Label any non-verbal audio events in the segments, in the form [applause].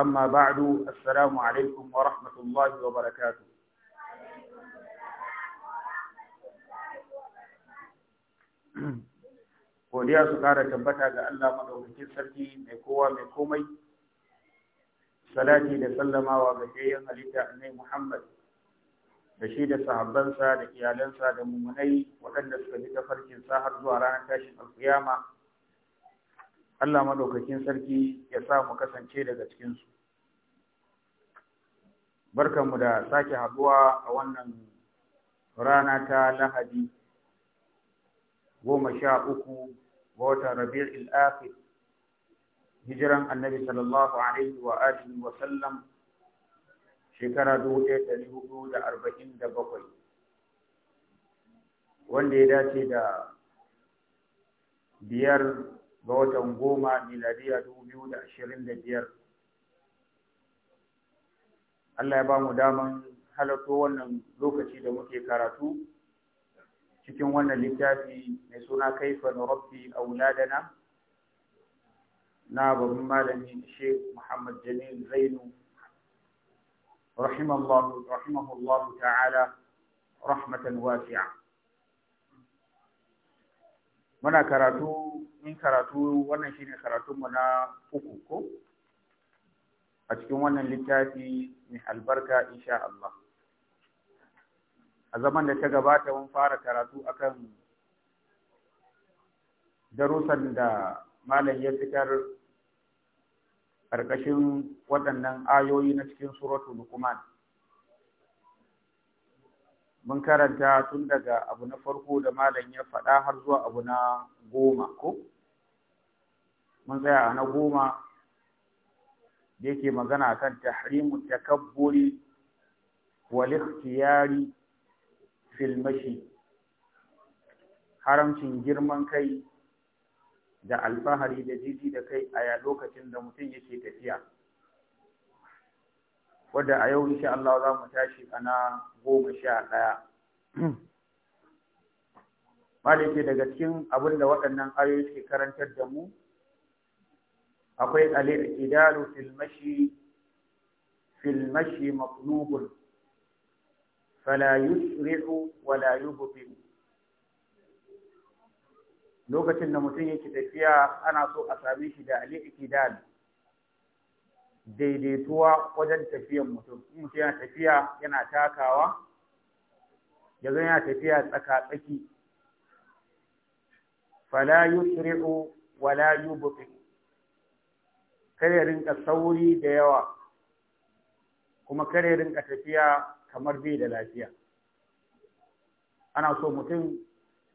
أما بعد السلام عليكم ورحمة الله وبركاته godiya su kara tabbata ga Allah madaukakin sarki mai kowa mai komai salati da sallamawa ga jayyan halitta nai Muhammad da shi da sahabbansa da iyalansa da mummunai waɗanda suka bi tafarkin sa har zuwa ranar tashin alkiyama Allah madaukakin sarki ya sa mu kasance daga cikinsu. su barkanmu da sake haduwa a wannan rana ta Lahadi goma sha uku ga watan Rabi'ul Akhir hijiran Annabi sallallahu alaihi wa alihi wa sallam shekara 1447 wanda ya dace da biyar ga watan goma miladiya dubu biyu da ashirin da biyar Allah ya ba mu daman halarto wannan lokaci da muke karatu cikin wannan littafi mai suna kaifa na rabbi auladana na babban malami Sheikh Muhammad Jamil Zainu rahimahullahu ta'ala rahmatan wasi'a muna karatu yin karatu wannan shine karatunmu na uku ko a cikin wannan littafi mai albarka insha Allah a zaman da ta gabata mun fara karatu akan darussan da malam ya fitar ƙarƙashin waɗannan ayoyi na cikin suratul Luqman mun karanta tun daga abu na farko da malam ya faɗa har zuwa abu na goma ko mun tsaya a na goma da yake magana a kan tahrimu takabburi wal walikhtiyari filmashi haramcin girman kai da alfahari da jiji da kai a lokacin da mutum yake tafiya wadda a yau insha Allah za mu tashi a na goma sha ɗaya. Malike daga cikin abin da waɗannan ayoyi ke karantar da mu, akwai al'idalu filmashi filmashi matlubun, fala yusri'u wala yubtilu. Lokacin da mutum yake tafiya ana so a sami shi da al'idal. daidaituwa wajen tafiyan mutum mutum yana tafiya yana takawa ya zo yana tafiya tsaka-tsaki fala yusri'u wala yubqi kare rinka sauri da yawa kuma kare rinka tafiya kamar bai da lafiya ana so mutum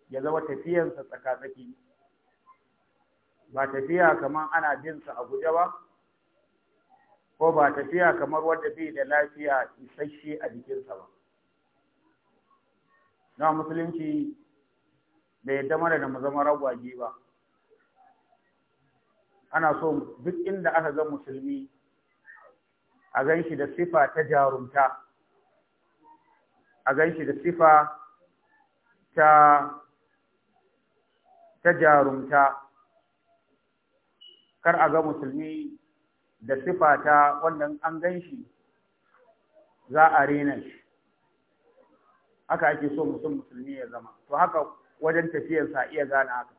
ya zama tafiyansa tsaka-tsaki ba tafiya kamar ana binsa a guje ba ko ba tafiya kamar wanda bai da lafiya isasshe a jikinsa ba na musulunci bai yadda mana da mu zama ragwaje ba ana so duk inda aka ga musulmi a gan shi da sifa ta jarumta a gan shi da sifa ta ta jarumta kar a ga musulmi da sifata wannan an gan shi za a rena shi haka ake so mutum musulmi ya zama to haka wajen tafiyarsa iya gane haka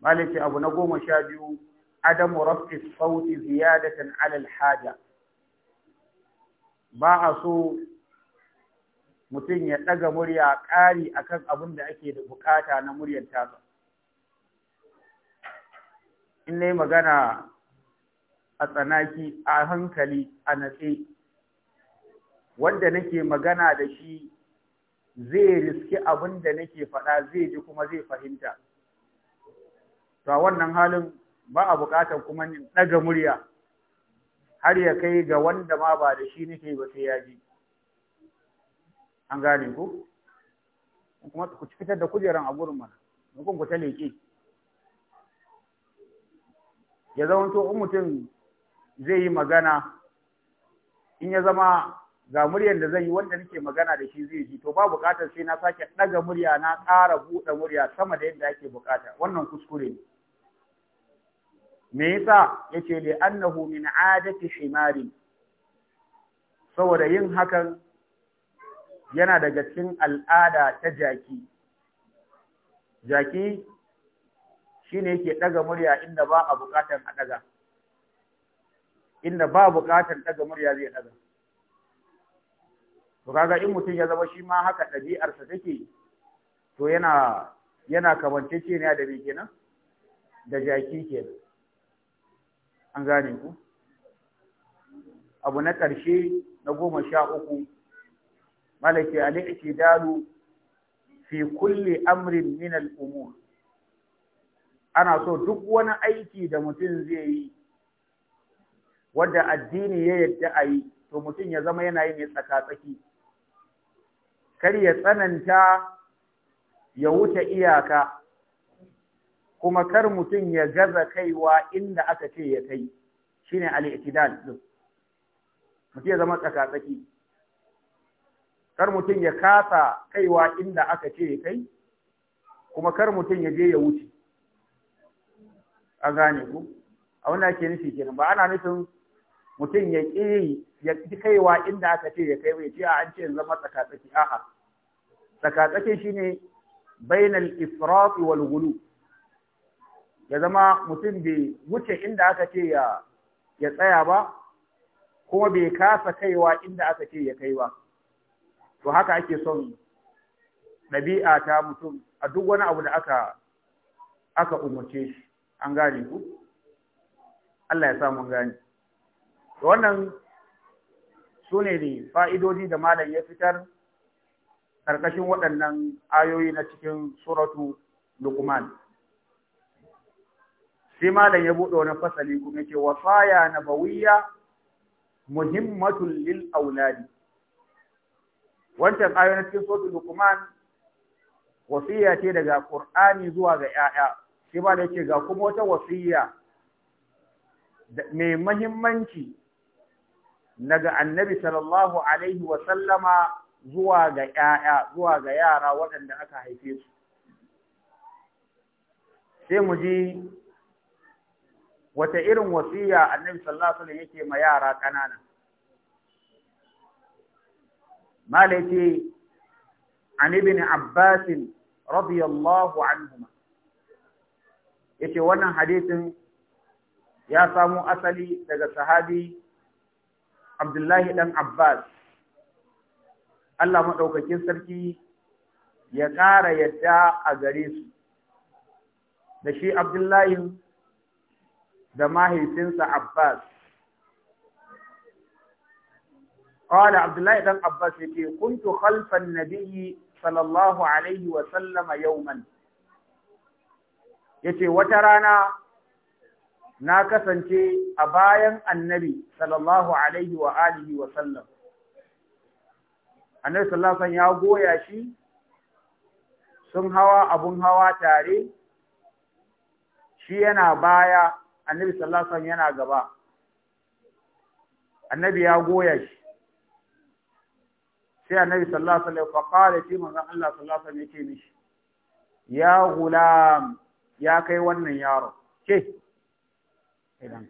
malice abu na goma sha biyu adamu rafi sauti ziyadatan alal haja ba a so mutum ya ɗaga murya ƙari akan abin da ake da bukata na muryar tasa in na magana a tsanaki a hankali a natse wanda nake magana da shi zai riski abin da nake faɗa zai ji kuma zai fahimta to a wannan halin ba a buƙatar kuma ɗaga murya har ya kai ga wanda ma ba da shi nake ba sai ya ji an gane ku kuma ku fitar da kujeran a gurin mana kun ku ta leke. ya zama to in mutum zai yi magana in ya zama ga muryar da zai yi wanda nake magana da shi zai ji to ba buƙatar sai na sake ɗaga murya na ƙara buɗe murya sama da yadda ake buƙata wannan kuskure ne me yasa yace li annahu min adati himari saboda yin hakan yana daga cikin al'ada ta jaki jaki shine yake ɗaga murya inda ba a buƙatar a ɗaga inda ba buƙatar ɗaga murya zai ɗaga. to kaga in mutum ya zama shi ma haka ɗabi'arsa take to yana yana ne da me kenan da jaki kenan an gane ku abu na ƙarshe na goma sha uku malaki al Dalu fi kulli amrin min al-umur ana so duk wani aiki da mutum zai yi wadda addini ya yadda a yi to mutum ya zama yana yi tsaka tsakatsaki kar ya tsananta ya wuce iyaka kuma kar mutum ya gaza kaiwa inda aka ce ya kai shine al-i'tidal din mutum ya zama tsakatsaki kar mutum ya kasa kaiwa inda aka ce ya kai kuma kar mutum ya je ya wuce a gane ku a wannan ke nufi kenan ba ana nufin mutum ya ƙi ya kaiwa inda aka ce ya kai bai ce an ce zama tsakatsaki a'a tsakatsaki shine bainal israfi wal gulu ya zama mutum bai wuce inda aka ce ya tsaya ba kuma bai kasa kaiwa inda aka ce ya kai ba to haka ake son ɗabi'a ta mutum a duk wani abu da aka aka umarce shi an gane ku Allah ya sa mun wannan sune ne fa'idodi da malam ya fitar ƙarƙashin waɗannan ayoyi na cikin suratu Luqman. Sai malam ya buɗe wani fasali kuma yake wasaya na bawiya muhimmatun lil auladi. Wancan ayoyi na cikin suratu Luqman wasiya ce daga Qur'ani zuwa ga ‘ya'ya. Sai malam yake ga kuma wata wasiya mai muhimmanci? Naga annabi sallallahu alaihi wa sallama zuwa ga ‘ya'ya, zuwa ga yara waɗanda aka haife su. Sai mu ji wata irin wasiya annabi sallallahu alaihi yake ma yara ƙanana. Malaiti, an ibn Abbasin radiyallahu anhuma. Yake wannan hadisin ya samo asali daga sahabi Abdullahi ɗan Abbas, Allah maɗaukakin sarki ya ƙara yadda a gare su, da shi Abdullahi da mahaifinsa Abbas. Ƙwada Abdullahi ɗan Abbas ya Kuntu khalfan nabiyyi sallallahu Alaihi wasallama yauman. Ya ce, Wata rana na kasance a bayan annabi sallallahu alaihi wa alihi wa sallam annabi sallallahu alaihi ya goya shi sun hawa abun hawa tare shi yana baya annabi sallallahu alaihi yana gaba annabi ya goya shi sai annabi sallallahu alaihi fa qala shi manzon Allah sallallahu alaihi yake mishi ya gulam ya kai wannan yaro ke idan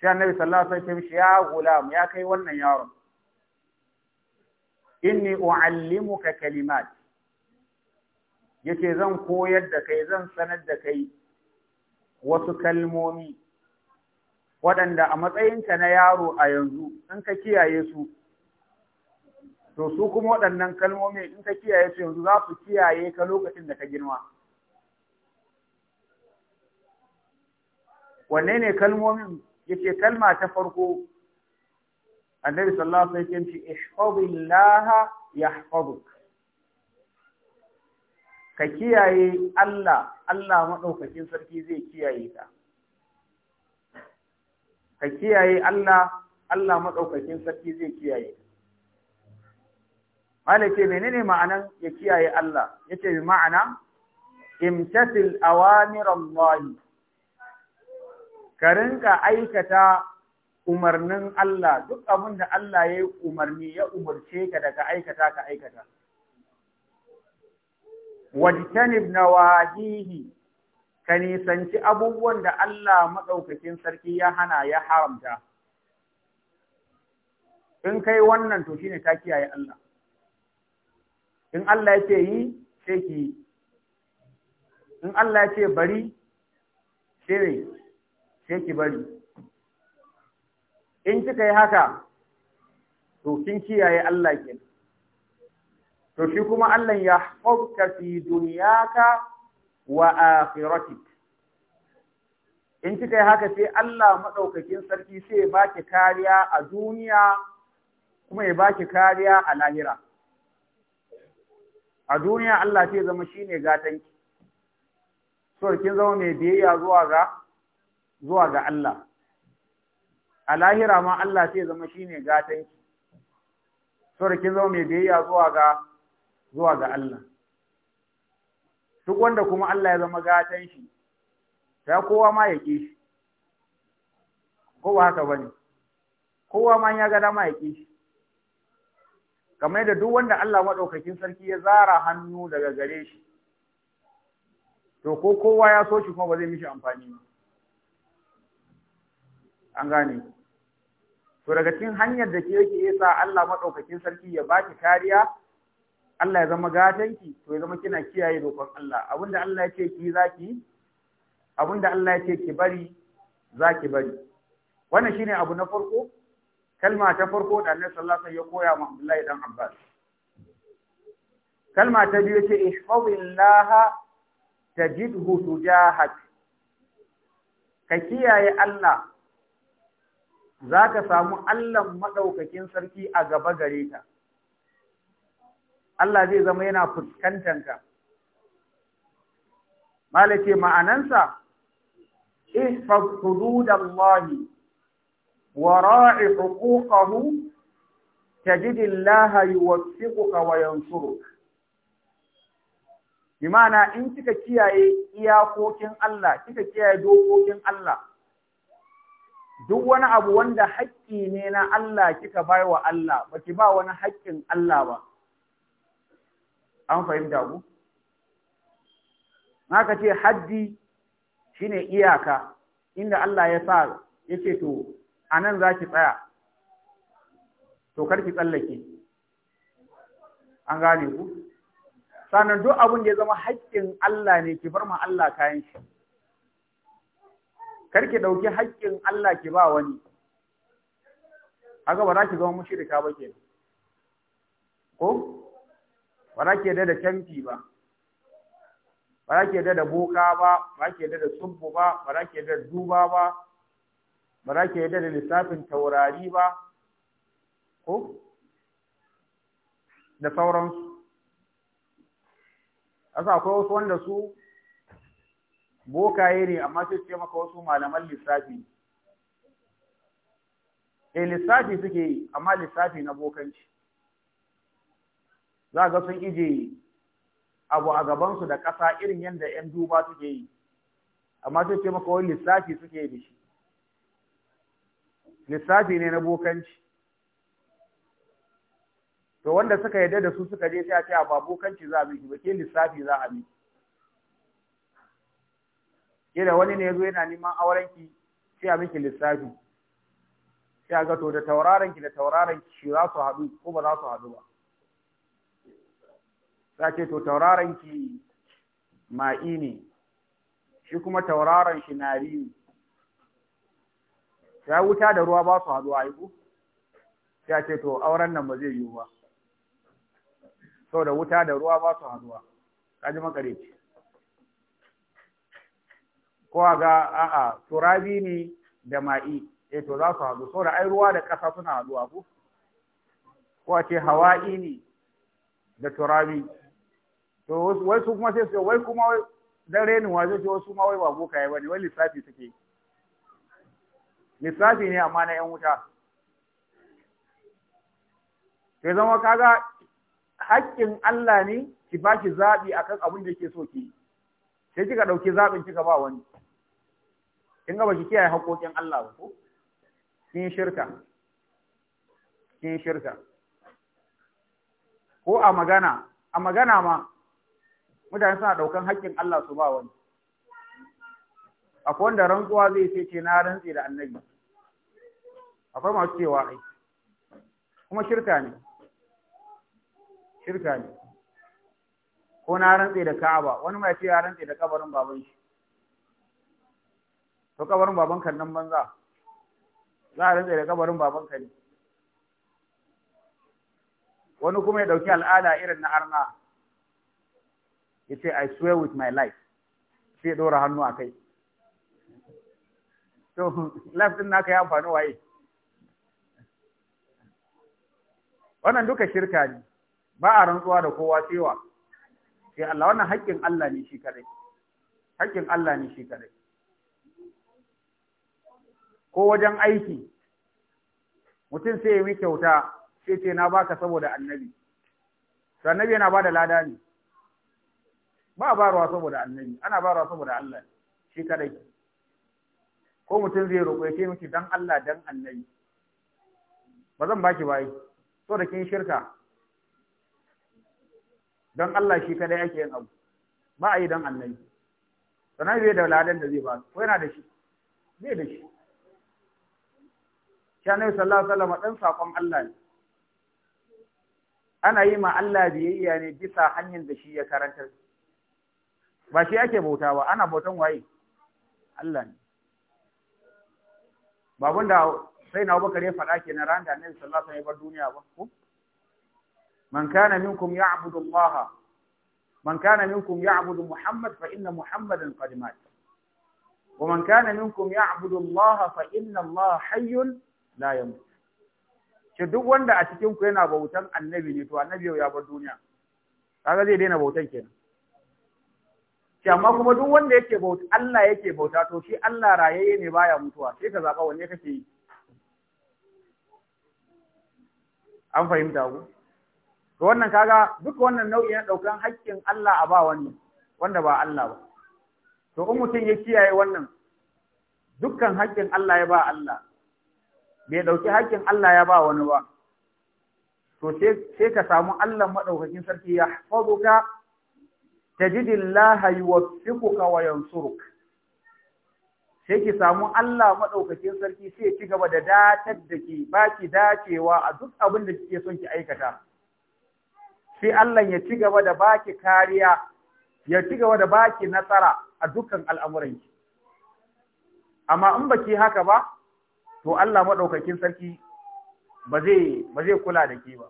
sai annabi sallallahu alaihi wasallam ya gulam ya kai wannan yaron inni uallimuka kalimat yace zan koyar da kai zan sanar da kai wasu kalmomi waɗanda a matsayinka na yaro a yanzu in ka kiyaye su to su kuma waɗannan kalmomi in ka kiyaye su yanzu za su kiyaye ka lokacin da ka girma wanne ne kalmomin yace kalma ta farko annabi sallallahu alaihi wasallam yace ihfazillaha yahfazuk ka kiyaye Allah Allah madaukakin sarki zai kiyaye ka ka kiyaye Allah Allah madaukakin sarki zai kiyaye ka malake menene ma'anan ya kiyaye Allah yace bi ma'ana imtasil awamir Allah ka rinka aikata umarnin Allah duk abin da Allah ya yi umarni ya umarce ka da ka aikata ka aikata wajtanib wahihi ka nisanci abubuwan da Allah maɗaukakin sarki ya hana ya haramta in kai wannan to shine ka kiyaye Allah in Allah ya ce yi sai ki yi in Allah ya ce bari sai sai ki bari in kika yi haka to kin kiyaye Allah ke to shi kuma Allah ya hukka fi dunyaka wa akhiratik in kika yi haka sai Allah madaukakin sarki sai ya baki kariya a duniya kuma ya baki kariya a lahira a duniya Allah sai zama shine gatanki so kin zama mai biyayya zuwa ga zuwa ga Allah a lahira ma Allah sai zama shine gatan ki saboda kin zama mai biyayya zuwa ga zuwa ga Allah duk wanda kuma Allah ya zama gatan shi sai kowa ma ya ki shi ko ba haka kowa ma ya ga ma ya ki shi kamar da duk wanda Allah maɗaukakin sarki ya zara hannu daga gare shi, to ko kowa ya so shi kuma ba zai mishi amfani ba. an gane to daga cikin hanyar da ke yake sa Allah madaukakin sarki ya baki kariya Allah ya zama gatanki to ya zama kina kiyaye dokar Allah abinda Allah ya ce ki zaki abinda Allah ya ce ki bari zaki bari wannan shine abu na farko kalma ta farko da Annabi sallallahu alaihi wasallam ya koya ma Abdullahi dan Abbas kalma ta biyu ce ihfazillaha tajidhu tujahak ka kiyaye Allah za ka samu Allah maɗaukakin sarki a gaba gare ka. Allah zai zama yana fuskantanka. Malake ma'anansa, Ihfaz hududallahi wa ra'i huquqahu tajidillaha yuwaffiquka wa yansuruk. ma'ana, in kika kiyaye iyakokin Allah, kika kiyaye dokokin Allah, duk wani abu wanda haƙƙi ne na Allah kika bai wa Allah ba ki ba wani haƙƙin Allah ba an fahimta ku Na ce haddi shine iyaka inda Allah ya sa ce to anan zaki tsaya to kar ki tsallake an gane ku sannan duk abin da ya zama haƙƙin Allah ne ki bar ma Allah kayan shi kar ki dauki haƙƙin Allah ki ba wani haka ba za ki zama mushrika ba ke. ko ba za ki da canfi ba ba za ki da boka ba ba za ki da subbu ba ba za ki da duba ba ba za ki da lissafin taurari ba ko da sauransu asa akwai wasu wanda su bokaye ne amma sai ce maka wasu malaman lissafi Eh lissafi suke yi amma lissafi na bokanci za ga sun ije abu a gabansu da ƙasa irin yadda 'yan duba suke yi amma sai ce maka wani lissafi suke yi da shi lissafi ne na bokanci to wanda suka yarda da su suka je sai a ce a ba bokanci za a miki ba ke lissafi za a miki kila wani ne ya zo yana neman auren ki sai a miki lissafi sai ga to da tauraron ki da tauraron ki shi za su haɗu ko ba za su haɗu ba za ce to tauraron ki ma'i ne shi kuma tauraron shi nari ne ya wuta da ruwa ba su haɗu a Sai a ce to auren nan ba zai yiwu ba Sau da wuta da ruwa ba su haɗuwa kaji makareci ko a ga a'a turabi ne da ma'i eh to za su haɗu saboda ai ruwa da ƙasa suna haɗuwa ko ko a ce hawa'i ne da turabi to wai su kuma sai su wai kuma dan renin wazo ce wasu ma wai ba boka ya bane wai lissafi suke lissafi ne amma na yan wuta sai zama kaga haƙƙin Allah ne ki baki zaɓi akan abin da yake so ki sai kika ɗauki zaɓin kika ba wani kin ga baki kiyaye haƙoƙin Allah ba ko kin shirka kin shirka ko a magana a magana ma mutane suna ɗaukan haƙƙin Allah su ba wani akwai wanda rantsuwa zai ce ce na rantse da annabi akwai masu cewa ai kuma shirka ne shirka ne ko na rantse da Ka'aba wani mai ce ya rantse da kabarin baban shi to kabarin babanka nan banza za a rantsa da kabarin babanka ne wani kuma ya dauki al'ada irin na arna ya ce i swear with my life sai ya dora hannu a kai to life din naka ya amfani waye wannan duka shirka ne ba a rantsuwa da kowa cewa sai Allah wannan haƙƙin Allah ne shi kadai haƙƙin Allah ne shi kadai ko wajen aiki mutum sai ya yi kyauta sai ce na baka saboda annabi to annabi yana bada lada ne ba barwa saboda annabi ana barwa saboda Allah shi kadai ko mutum zai roƙo ya miki dan Allah dan annabi ba zan baki bai so da kin shirka dan Allah shi kadai yake yin abu ba a yi dan annabi sannan bai da ladan da zai ba ko yana da shi zai da shi shi annabi sallallahu alaihi wasallam ɗan saƙon Allah ne ana yi ma Allah biyayya ne bisa hanyar da shi ya karantar ba shi ake bauta ba ana bautan waye Allah ne ba da sai na Abubakar ya faɗa kenan ran da annabi sallallahu alaihi wasallam ya bar duniya ba ko man kana minkum ya'budu Allah man kana minkum abudu Muhammad fa inna Muhammadan qad mat ومن كان منكم يعبد الله فإن الله حي la yamut shi duk wanda a cikin ku yana bautan annabi ne to annabi ya bar duniya kaga zai daina bautan kenan shi amma kuma duk wanda yake bauta Allah yake bauta to shi Allah rayayye ne baya mutuwa sai ka zaba wanne kake yi an fahimta ku to wannan kaga duk wannan nau'i na daukan haƙƙin Allah a ba wani wanda ba Allah ba to in mutum ya kiyaye wannan dukkan haƙƙin Allah ya ba Allah bai ɗauki hakkin Allah ya ba wani ba to sai ka samu Allah maɗaukakin sarki ya ta tajidillaha yuwaffiquka wa yansuruk sai ki samu Allah maɗaukakin sarki sai ci gaba da datar da ki baki dacewa a duk abin da kike son ki aikata sai Allah ya ci gaba da baki kariya ya ci gaba da baki nasara a dukkan al'amuranki amma in baki haka ba to Allah maɗaukakin sarki ba zai kula da ke ba.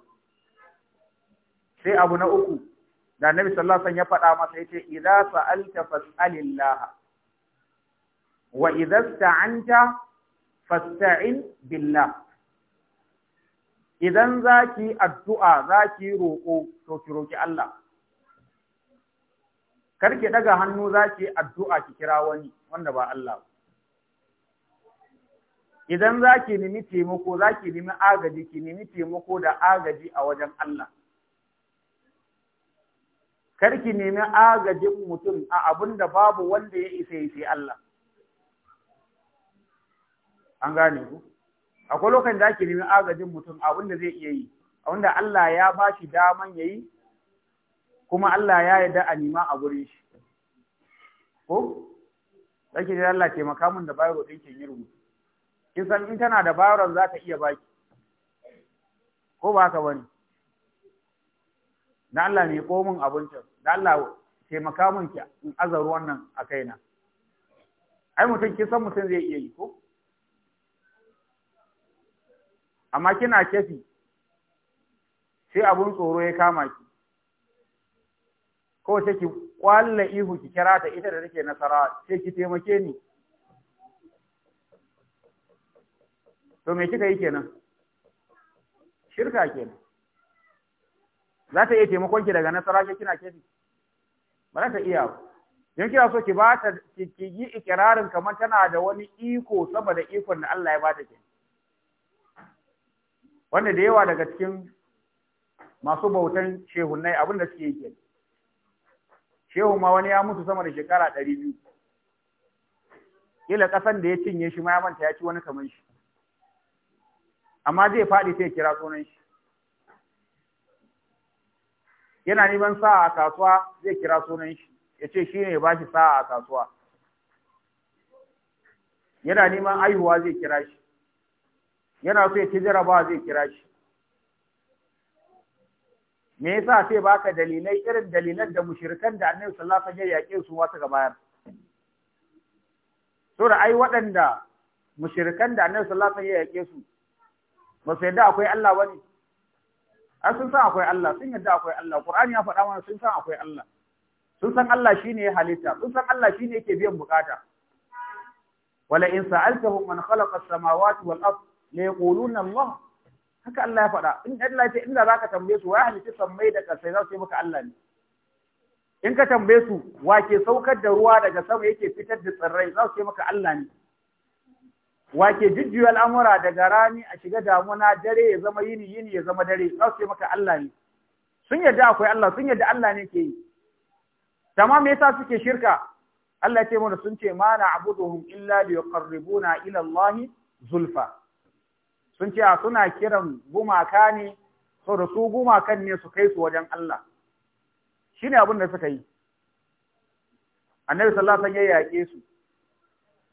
Sai abu na uku, da Annabi sallasan ya faɗa masa ya ce, "Iza sa'alta fas'alillah, wa iza sta'anta fasta'in billah." Idan za ki addu'a za ki roƙo, to ki roƙi Allah. Karki ɗaga hannu za ki addu'a ki kira wani wanda ba Allah ba. idan za ki nemi taimako za ki nemi agaji ki nemi taimako da agaji a wajen Allah kar ki nemi agajin mutum a abin da babu wanda ya isa ya sai Allah an gane ku akwai lokacin da ake nemi agajin mutum abin da zai iya yi abin da Allah ya ba shi daman ya yi kuma Allah ya yarda a nima a gurin shi ko zaki da Allah taimaka min da bayro ɗinkin yi rubutu kin san in tana da baron za ta iya baki ko ba ka bani. na Allah mai komin abincin da Allah taimaka min ki in aza wannan nan a kaina ai mutum ki san mutum zai iya yi ko amma kina kefi sai abun tsoro ya kama ki ko sai ki kwalla ihu ki kira ta ita da take nasara sai ki taimake ni to me kika yi kenan shirka kenan za ta iya taimakon ki daga nasara ke kina kefi ba za ta iya ba don kina so ki ba ta ki yi ikirarin kamar tana da wani iko sama da ikon da Allah ya ba ta ke wanda da yawa daga cikin masu bautan shehunnai abin da suke yi kenan shehu ma wani ya mutu sama da shekara ɗari biyu. Kila ƙasan da ya cinye shi ma ya manta ya ci wani kamar shi. amma zai faɗi sai kira sunan shi yana neman sa'a a kasuwa zai kira sunan shi ya ce shi ne ya bashi sa'a a kasuwa yana neman aihuwa zai kira shi yana so ya ci jarabawa zai kira shi me yasa sai baka dalilai irin dalilan da mushrikan da Annabi sallallahu alaihi wasallam ya yake su wata ga bayar to da ai waɗanda mushrikan da Annabi sallallahu alaihi wasallam ya yake su ba su yadda akwai Allah ba ne A sun san akwai Allah sun yadda akwai Allah Qur'ani ya faɗa mana sun san akwai Allah sun san Allah shi ne ya halitta sun san Allah shi ne yake biyan bukata wala in sa'altahum man khalaqa as-samawati wal ard la yaquluna Allah haka Allah ya faɗa in Allah ce inda zaka tambaye su wa halitta sammai da kasai za su yi maka Allah ne in ka tambaye su wa ke saukar da ruwa daga sama yake fitar da tsirrai za su yi maka Allah ne wake jujjuya al'amura daga rani a shiga damuna dare ya zama yini yini ya zama dare za su yi maka Allah ne sun yadda akwai Allah sun yadda Allah ne ke yi tamam me yasa suke shirka Allah ya ce mana sun ce ma abuduhum illa yuqarribuna ila Allah zulfa sun ce suna kiran gumaka ne da su gumakan ne su kai su wajen Allah shine abin da suka yi annabi sallallahu alaihi wasallam ya yake su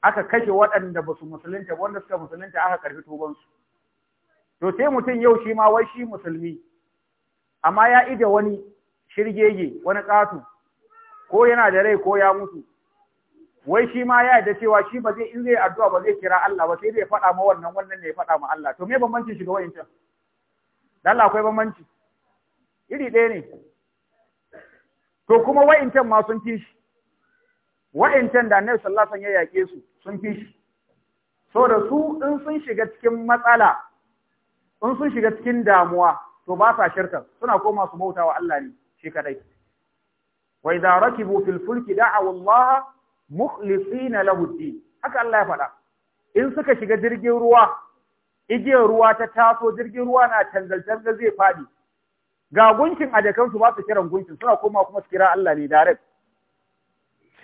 aka kashe waɗanda ba su musulunta wanda suka musulunta aka karfi tubansu to sai mutum yau shi ma wai shi musulmi amma ya ije wani shirgege wani ƙatu ko yana da rai ko ya mutu wai shi ma ya da cewa shi ba zai in zai addu'a ba zai kira Allah ba sai zai faɗa ma wannan wannan ne ya faɗa ma Allah to me bambancin shi ga wayancan dan Allah akwai bambanci iri ɗaya ne to kuma wa'incan ma sun ci shi wayancan da Annabi sallallahu alaihi wasallam ya yaƙe su sun fi shi so da su in sun shiga cikin matsala in sun shiga cikin damuwa to ba sa shirka suna koma su bauta wa Allah ne shi kadai wa idza raki fil fulki da'aw Allah mukhlisina haka Allah ya faɗa in suka shiga jirgin ruwa igiyar ruwa ta taso jirgin ruwa na tangal-tangal zai faɗi ga gunkin a jakansu ba su kiran gunkin suna koma kuma su kira Allah ne direct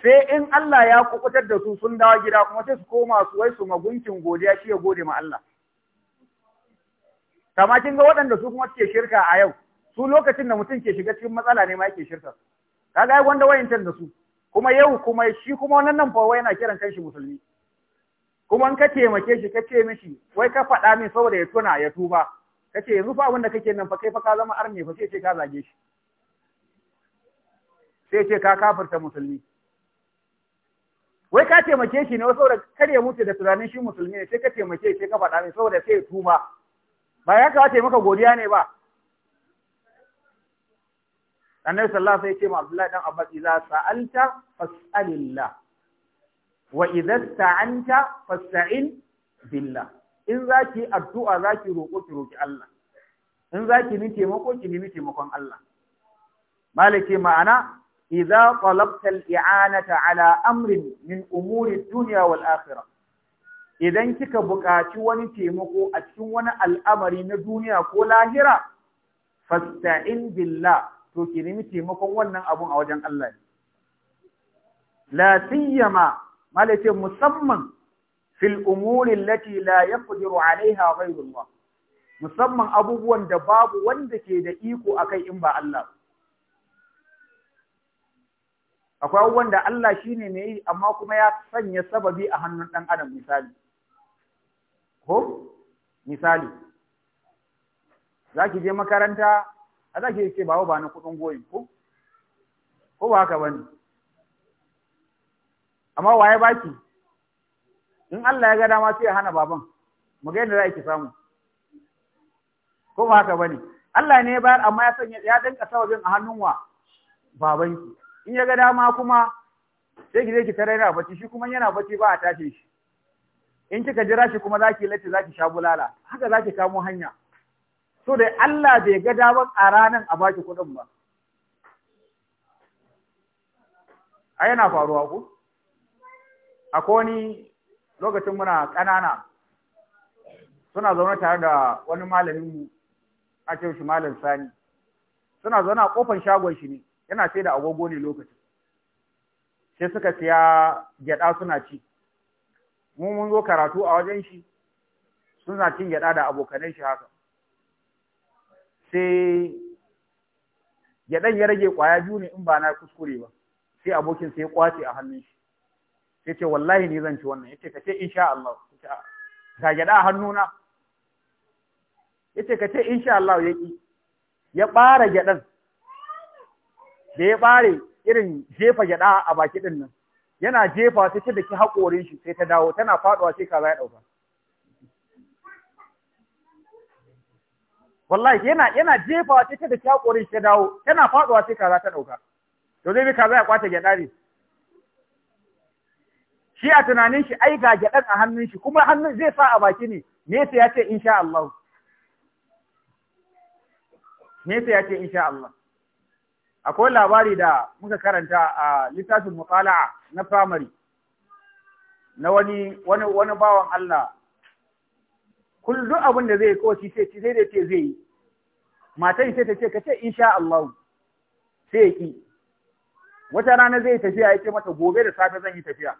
sai in Allah ya kukutar da su sun dawo gida kuma sai su koma su wai su maguncin godiya shi ya gode ma Allah kama ga waɗanda su kuma suke shirka a yau su lokacin da mutum ke shiga cikin matsala ne ma yake shirka gwanda ai wanda can da su kuma yau kuma shi kuma wannan nan fa yana kiran kanshi musulmi kuma in ka taimake shi ka ce mishi wai ka faɗa min saboda ya tuna ya tuba ka ce yanzu fa abin da kake nan fa kai fa ka zama arne fa sai ce ka zage shi sai ce ka kafirta musulmi wai ka taimake shi ne wasu saboda kar ya mutu da tunanin shi musulmi ne sai ka taimake sai ka faɗa mai saboda sai ya tuba ba ya kamata taimaka godiya ne ba annabi sallallahu alaihi wasallam ya ce ma Abdullahi dan Abbas idza sa'alta fas'alillah wa idza ta'anta fasta'in billah in zaki addu'a zaki roƙo ki roƙi Allah in zaki ni taimako ki nemi taimakon Allah malike ma'ana إذا طلبت الإعانة على أمر من أمور الدنيا والآخرة إذا كك بكاتي ونتيمكو أتشون الأمر من دنيا والآخرة فاستعن بالله تكرمي تيمكو ونن أبو أوجان الله لا سيما ما لتي مسمى في الأمور التي لا يقدر عليها غير الله مسمى أبو وندباب وندكي دئيكو أكي إنبا الله akwai abubuwan da Allah shi ne mai yi amma kuma ya sanya sababi a hannun ɗan adam misali ko misali za ki je makaranta a za ki ce ba ba na kuɗin goyi ko ko ba haka bane amma waye baki in Allah ya ga dama sai ya hana baban mu ga yadda za ki samu ko ba haka bane Allah ne ya bayar amma ya sanya ya danka sababin a hannun wa babanki in ya ga dama kuma sai ki je ki tare yana bacci shi kuma yana bacci ba a tashi shi in kika jira shi kuma zaki lace zaki sha bulala haka zaki kamo hanya so dai Allah bai ga dama a ranan a baki kuɗin ba a yana faruwa ku akwai wani lokacin muna ƙanana suna zaune tare da wani malamin mu a shi malam sani suna zaune a kofar shagon shi ne yana sai da agogo ne lokacin sai suka siya gyada suna ci mu mun zo karatu a wajen shi suna cin gyada da abokanai shi haka sai gyadan ya rage kwaya biyu ne in ba na kuskure ba sai abokin sai ya kwace a hannun shi sai ce wallahi ni zan ci wannan yace ce insha Allah ga gyada a hannuna yace kace insha Allah yaki ya bara gyadan da ya bare irin jefa gyada a baki din nan yana jefa ta ce da ki hakorin shi sai ta dawo tana faduwa sai kaza ya dauka wallahi yana yana jefa ta ce da ki hakorin shi ta dawo tana faduwa sai kaza ta dauka to zai bi kaza ya kwace gyada ne shi a tunanin shi ai ga gyadan a hannun shi kuma hannun zai sa a baki ne nesa ya ce insha Allah nesa ya ce insha Allah akwai labari da muka karanta a littafin muqala'a na primary na wani wani wani bawan Allah kullu abin da zai shi sai ci zai ce zai yi yi sai ta ce ka ce insha Allah sai ya ki wata rana zai tafiya yake mata gobe da safe zan yi tafiya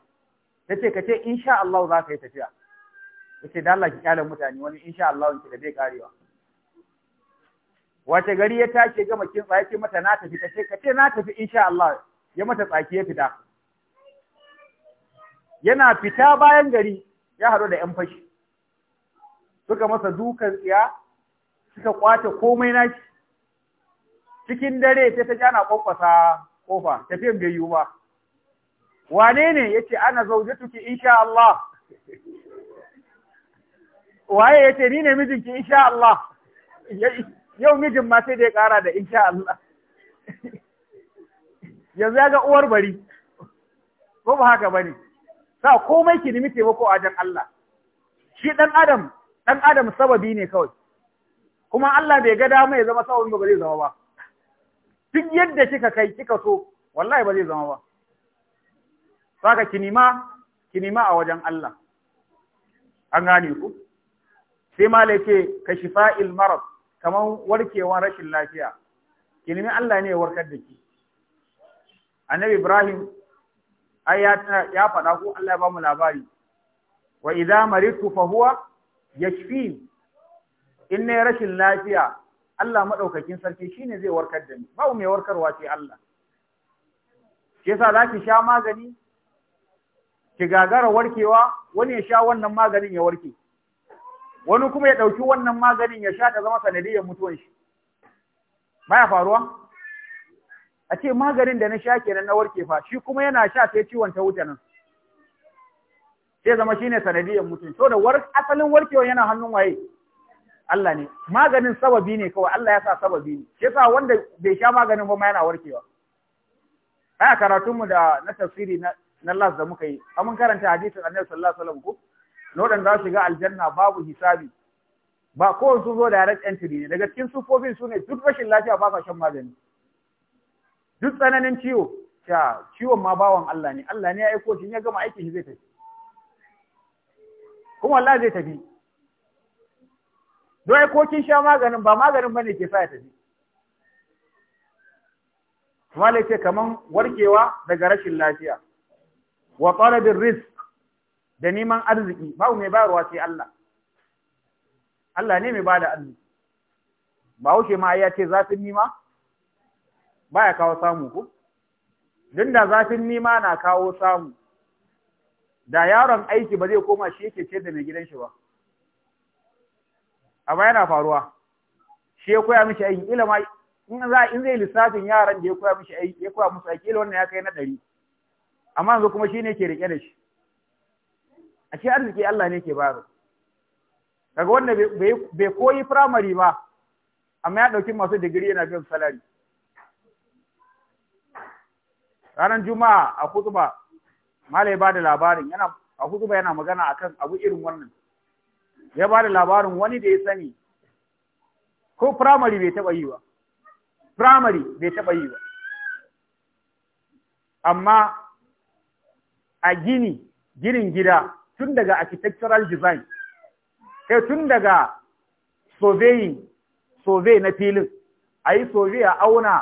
Ta ce ka ce insha Allah za ka yi tafiya yace da Allah ki kyale mutane wani insha Allah ki da bai karewa wace gari ya tashi gama kin tsaki mata na tafi tace ka ce na tafi insha Allah ya mata tsaki ya fita yana fita bayan gari ya haɗu da ‘yan fashi, suka masa dukan tsiya, suka kwace komai shi. cikin dare sai ta jana ƙwaƙwasa kofa tafiyan bai yiwu ba. Wane ne ya ce, Ana zauje tuki, insha Allah. [laughs] Waye ya ce, Ni ne mijinki, insha Allah. [laughs] yau mijin ma sai dai ya ƙara da insha Allah yanzu ya ga uwar bari ko ba haka ba ne? sa komai ki nemi taimako a wajen Allah shi ɗan adam ɗan adam sababi ne kawai kuma Allah bai ga dama ya zama sababi ba zai zama ba duk yadda kika kai kika so wallahi ba zai zama ba saka ki nima ki nima a wajen Allah an gane ku sai ma kashi ka il marad kamar warkewan rashin lafiya ki nemi Allah ne ya warkar da ki annabi ibrahim ai ya faɗa ko Allah ya ba mu labari wa idza maritu fa huwa yashfi in ne rashin lafiya Allah maɗaukakin sarki shine zai warkar da ni ba mai warkarwa sai Allah shi yasa zaki sha magani ki gagara warkewa wani ya sha wannan maganin ya warke wani kuma ya ɗauki wannan maganin ya sha ta zama sanadiyar mutuwan shi baya faruwa a ce maganin da na sha kenan na warke fa shi kuma yana sha sai ciwon ta wuce nan sai zama shine sanadiyar mutum to da asalin warkewa yana hannun waye Allah ne maganin sababi ne kawai Allah ya sa sababi ne shi yasa wanda bai sha maganin ba ma yana warkewa ya karatunmu da na tafsiri na na da muka yi mun karanta hadisin Annabi sallallahu alaihi wasallam ko waɗanda za su shiga aljanna babu hisabi ba kowane sun zo da direct entry ne daga cikin sufofin su ne duk rashin lafiya ba ka shan magani duk tsananin ciwo ta ciwon ma bawan Allah ne Allah ne ya aiko shi ya gama aikin shi zai tafi kuma Allah zai tafi don aikokin sha maganin ba maganin bane ke sa ya tafi Malai ce kaman warkewa daga rashin lafiya wa talabin risk da neman arziki babu mai bayarwa sai Allah Allah ne mai bada arziki ba wuce ma ya ce zafin nima baya kawo samu ko don da zafin nima na kawo samu da yaron aiki ba zai koma shi yake ce da mai gidan shi ba amma yana faruwa shi ya koya mishi aiki ila ma in za in zai lissafin yaran da ya koya mishi aiki ya koya musu aiki ila wannan ya kai na ɗari amma yanzu kuma shi ne ke rike da shi a ce arziki Allah ne ke baro daga wanda bai koyi firamare ba amma ya ɗauki masu digiri yana biyan salari ranar juma'a a kutuba malai ba da labarin yana a kutuba yana magana akan abu irin wannan ya ba da labarin wani da ya sani ko firamari bai taɓa yi ba firamare bai taɓa yi ba amma a gini ginin gida tun daga architectural design kai tun daga surveying survey na filin a yi survey a auna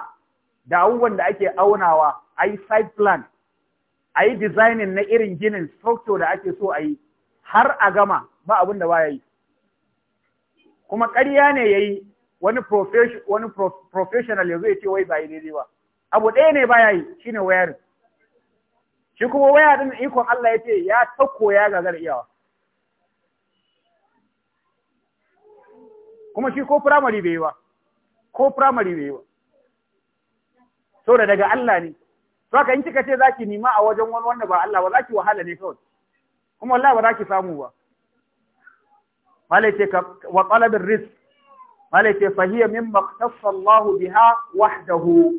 da abubuwan da ake aunawa a yi site plan a yi designing na irin ginin structure da ake so a yi har a gama ba abin da ya yi kuma ƙarya ne ya yi wani professional ya zo ya ce wai ba yi daidai ba abu ɗaya ne baya yi shine wayarin shi kuma waya din ikon Allah ya ce ya ta ya gagar iyawa kuma shi ko firamare bai yi ba ko firamare bai yi ba da daga Allah ne to aka yin kika ce za ki nima a wajen wani wanda ba Allah ba Za ki wahala ne kawai kuma Allah ba za ki samu ba malai ce wa talabir ris, malai ce fahiya mimma qtassa Allah biha wahdahu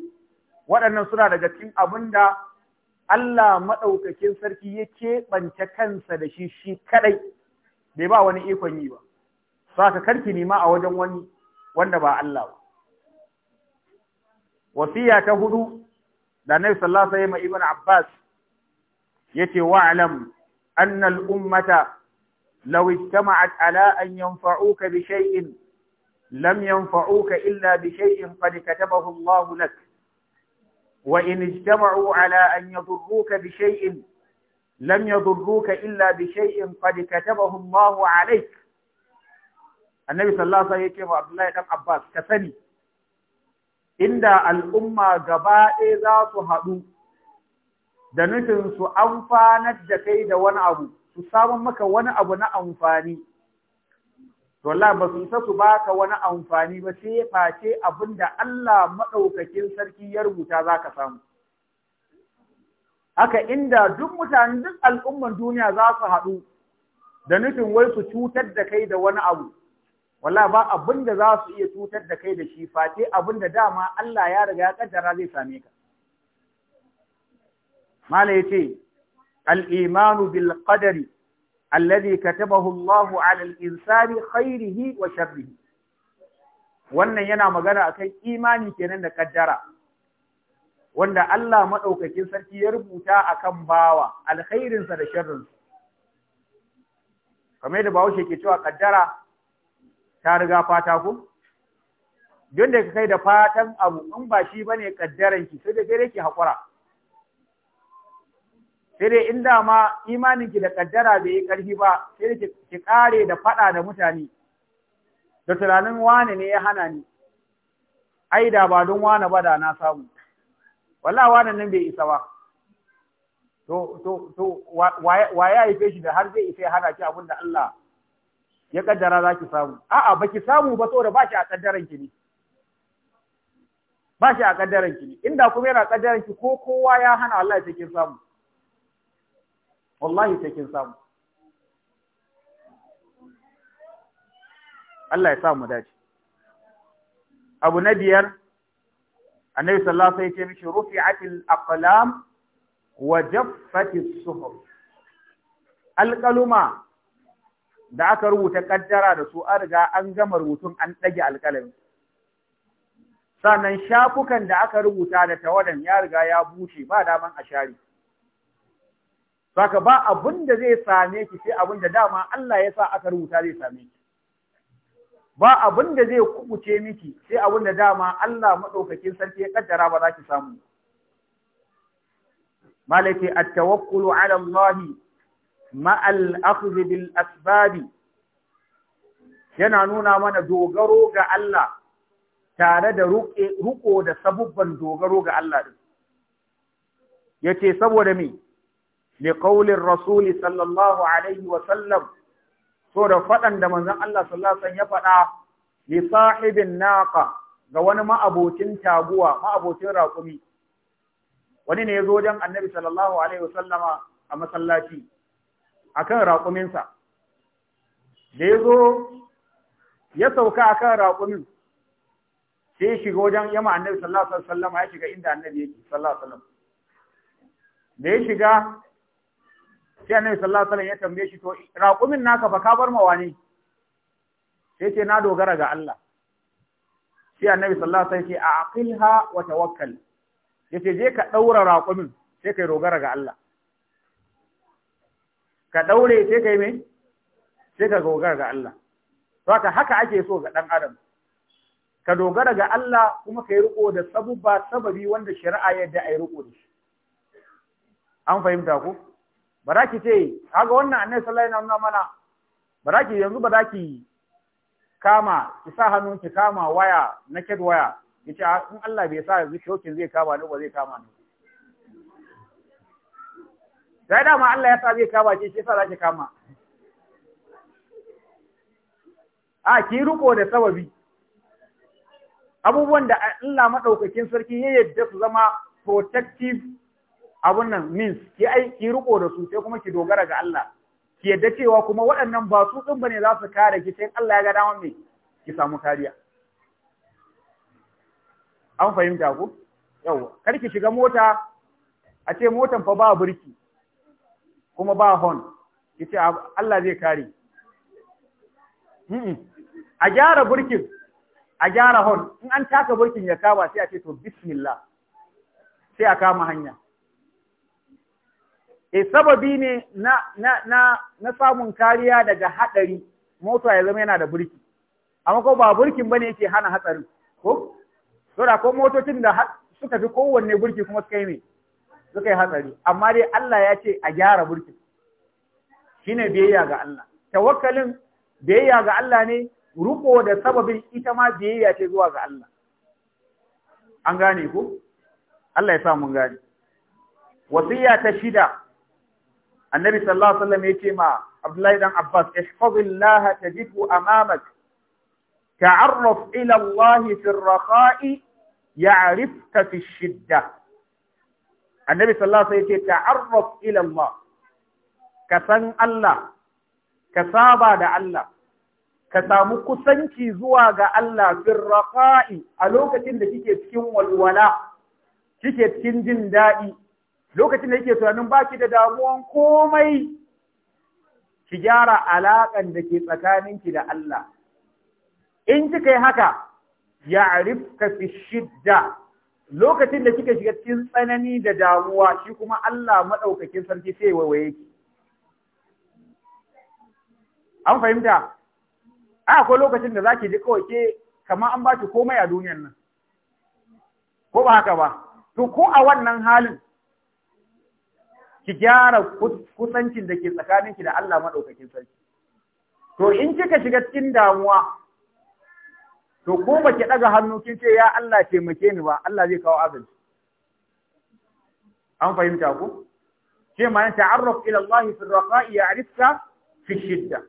waɗannan suna daga cikin da. Allah maɗaukakin sarki ya keɓance kansa da shi shi kaɗai, bai ba wani ikon yi ba, saka karki nema a wajen wani wanda ba Allah ba. Wasiya ta hudu da Nabi sallallahu alaihi wa Ibn Abbas yace wa'lam alam, annal ummata law ijtama'at ala an yanfa'uka bi shay'in lam yanfa'uka illa bi shay'in qad katabahu Allah lak. وإن اجتمعوا على أن يضروك بشيء لم يضروك إلا بشيء قد كتبه الله عليك النبي صلى الله عليه وسلم عبد الله بن عباس كسني inda al'umma gaba ɗaya za su haɗu da nufin su amfanar da kai da wani abu, su samun maka wani abu na amfani, to Allah ba su isa su baka wani amfani ba sai face abinda Allah madaukakin sarki ya rubuta zaka samu haka inda duk mutane duk al'ummar duniya za su haɗu da nufin wai su cutar da kai da wani abu walla ba abin da za su iya cutar da kai da shi face abin da dama Allah ya riga ya kaddara zai same ka mala yace al-imanu bil qadari alladhi katabahu Allahu 'ala al-insani khairihi wa sharrihi wannan yana magana akan imani kenan da kaddara wanda Allah madaukakin sarki ya rubuta akan bawa alkhairinsa da sa kamar da Bahaushe ke cewa kaddara ta riga fata ku don da ka kai da fatan abu in ba shi bane kaddaran ki sai da gare ki hakura sai dai in dama imanin ki da kaddara bai yi ƙarfi ba sai dai ki kare da faɗa da mutane da tunanin wane ne ya hana ni ai da ba don wane ba da na samu walla wane nan bai isa ba to to to wa ya haife shi da har zai isa ya hana ki abin da Allah ya kaddara za ki samu a'a ba ki samu ba saboda ba shi a kaddaran ki ne ba shi a kaddaran ki ne inda kuma yana kaddaran ki ko kowa ya hana Allah ya kin samu wallahi sai kin samu Allah ya samu dace abu na biyar annabi sallallahu alaihi wasallam ya ce mishi rufi'atil aqlam wa jaffatis suhuf alqaluma da aka rubuta ƙaddara da su an riga an gama rubutun an ɗage alkalami. sannan shafukan da aka rubuta da tawadan ya riga ya bushe ba daman a share Saka ba abin da zai same ki sai abin da dama Allah ya sa aka rubuta zai same ki. Ba abin da zai kubuce miki sai abin da dama Allah maɗaukakin sarki ya kaddara ba za ki samu. Malaki at-tawakkulu ala Allah ma'al akhdhi bil asbab yana nuna mana dogaro ga Allah tare da ruko da sabubban dogaro ga Allah din. Yace saboda me? Di ƙaulin rasuli sallallahu alaihi wa sallam so da faɗan da manzon Allah Sallasan ya faɗa lissafi bin Nafa ga wani ma'abocin ta'abuwa, ma'abocin raƙumi. Wani ne ya zo Annabi sallallahu alaihi wa sallam a masallaci akan raƙuminsa. Da ya ya sauka akan raƙumin ya shiga wajen yamma Annabi sallallahu alaihi wa sallam ya shiga inda Annabi sallallahu alaihi wa sallam. Da ya shiga. sai annabi sallallahu alaihi wasallam ya tambaye shi to raqumin naka fa ka bar ma wani sai ce na dogara ga Allah sai annabi sallallahu alaihi wasallam ya ce aqilha wa tawakkal yace je ka daura raqumin sai kai dogara ga Allah ka daure sai kai me sai ka dogara ga Allah to haka haka ake so ga dan adam ka dogara ga Allah kuma ka yi riko da sabubba sababi wanda shari'a yadda ai riko da shi an fahimta ko ba za ki ce kaga wannan annabi sallallahu alaihi wasallam mana ba za ki yanzu ba za ki kama ki sa hannun ki kama waya naked waya yace ah, in Allah bai sa yanzu shokin zai kama ni ba zai kama ni sai dama Allah ya sa zai kama ki shi sa za ki kama a ki riko da sababi abubuwan da Allah madaukakin sarki ya yadda su zama protective abun nan means ki ai ki riko da su sai kuma ki dogara ga Allah ki yadda cewa kuma waɗannan ba su din bane za su kare ki sai Allah ya ga dama me ki samu kariya an fahimta ku yawa kar ki shiga mota a ce motan fa ba burki kuma ba hon, ki ce Allah zai kare a gyara burkin a gyara hon, in an taka burkin ya kaba sai a ce to bismillah sai a kama hanya eh sababi ne na na na na samun kariya daga hadari mota ya zama yana da burki amma ko ba burkin bane yake hana hatsarin ko to da ko motocin da suka fi kowanne burki kuma suka yi ne suka yi hatsari amma dai Allah ya ce a gyara burkin shine biyayya ga Allah tawakkalin biyayya ga Allah ne ruko da sababin ita ma biyayya ce zuwa ga Allah an gane ko Allah ya sa mun gane wasiya ta shida annabi sallallahu alaihi wasallam yace ma abdullahi dan abbas ihfazillah tajidhu amamak ta'arraf ila allah fi ar ya'rifka fi shidda annabi sallallahu alaihi wasallam yace ta'arraf ila allah ka san allah ka saba da allah ka samu kusanci zuwa ga Allah fi raqa'i a lokacin da kike cikin walwala kike cikin jin daɗi lokacin da yake tunanin baki da damuwan komai ki gyara alaƙan da ke tsakaninki da Allah in kika yi haka ka fi shidda lokacin da kika shiga cikin tsanani da damuwa shi kuma Allah maɗaukakin sarki sai waiwaye ki an fahimta a akwai lokacin da zaki ji kawai ke kamar an baki komai a duniyar nan ko ba haka ba to ko a wannan halin ki gyara kusancin da ke tsakaninki da Allah maɗaukakin sarki. To in kika shiga cikin damuwa, to ko ba ki ɗaga hannu kin ce ya Allah taimake ni ba, Allah zai kawo agaji. An fahimta ku? Ce ma yin ta'arraf ila Allah fi raqa'i ya'rifka fi shidda.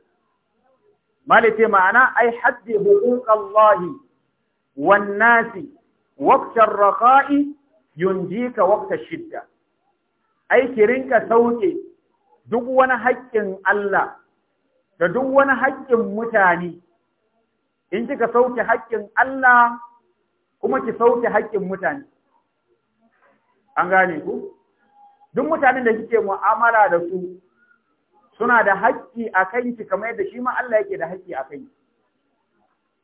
Malite ma'ana ai haddi huquq Allah wan nasi waqtar raqa'i yunjika waqtar shidda. ai ki rinka sauke duk wani haƙƙin Allah da duk wani haƙƙin mutane in kika sauke haƙƙin Allah kuma ki sauke haƙƙin mutane an gane ku duk mutanen da kike mu'amala da su suna da haƙƙi a kanki kamar yadda shi ma Allah yake da haƙƙi a kanki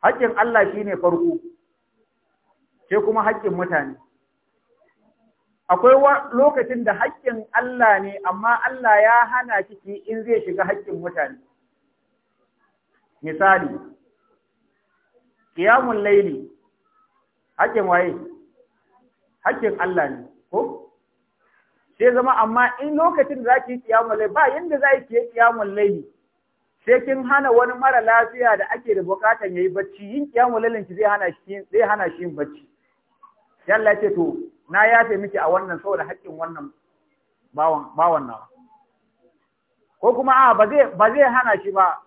haƙƙin Allah shine farko sai kuma haƙƙin mutane akwai lokacin da haƙƙin Allah ne amma Allah ya hana kiki in zai shiga haƙƙin mutane misali ƙiyamun laili haƙƙin waye haƙƙin Allah ne ko sai zama amma in lokacin da zaki ƙiyamun laili ba yadda za ki yi ƙiyamun laili sai kin hana wani mara lafiya da ake da bukatan yi bacci yin ƙiyamun lailin ki zai hana shi yin bacci yalla ce to na yafe miki a wannan saboda haƙƙin wannan bawan bawan nawa ko kuma a ba zai ba zai hana shi ba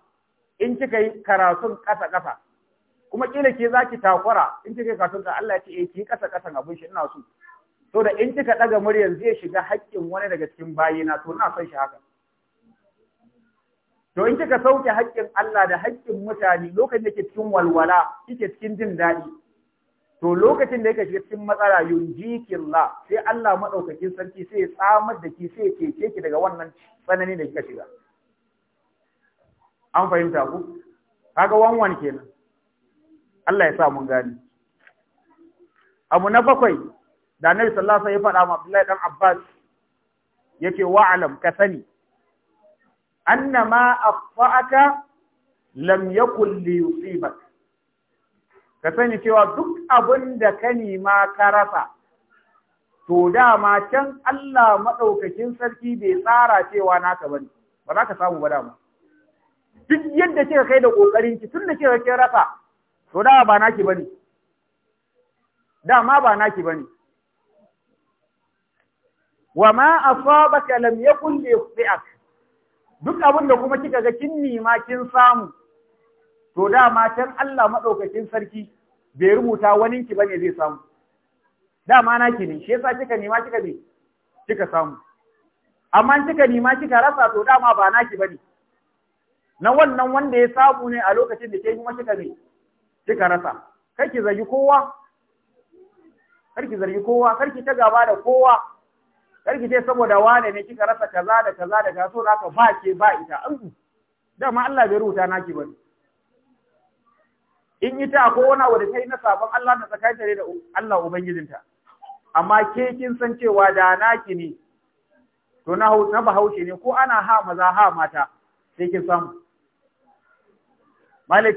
in kika yi karatun kasa-kasa? kuma kila ke zaki takura in kika yi karatun ka Allah ya ce eh ki kasa kasa abin shi ina so to da in kika daga muryar zai shiga haƙƙin wani daga cikin bayina to ina son shi haka to in kika sauke haƙƙin Allah da haƙƙin mutane lokacin da ke cikin walwala kike cikin jin daɗi to lokacin da yake shiga cikin matsala yunjikillah sai Allah madaukakin sarki sai ya tsamar da ki sai ya cece ki daga wannan tsanani da kika shiga an fahimta ku kaga wanwan kenan Allah ya sa mun gani abu na bakwai da Annabi sallallahu alaihi wasallam ya faɗa ma Abdullahi dan Abbas yake wa'alam ka sani annama afaka lam yakul li yusibaka ka sani cewa duk abin da ka nema ka rasa to dama can Allah maɗaukakin sarki bai tsara cewa naka bane ba za ka samu ba dama duk yadda kika kai da kokarin ki tun da kika kai rasa to dama ba naki bane dama ba naki bane wa ma asabaka lam yakun li duk abin da kuma kika ga kin nima kin samu to dama can Allah maɗaukakin sarki bai rubuta waninki bane zai samu dama naki ne shi yasa kika nema kika ne kika samu amma kika nema kika rasa to dama ba naki bane na wannan wanda ya samu ne a lokacin da ke kuma kika ne kika rasa ki zargi kowa karki zargi kowa karki ta gaba da kowa karki ce saboda wane ne kika rasa kaza da kaza da kaso da ka ba ke ba ita dama Allah bai rubuta naki bane in ita akwai wani abu da ta yi na sabon Allah na tare da Allah Ubangijinta, amma ke kin san cewa da naki ne, to na bahaushe ne ko ana ha maza ha mata sai kin samu.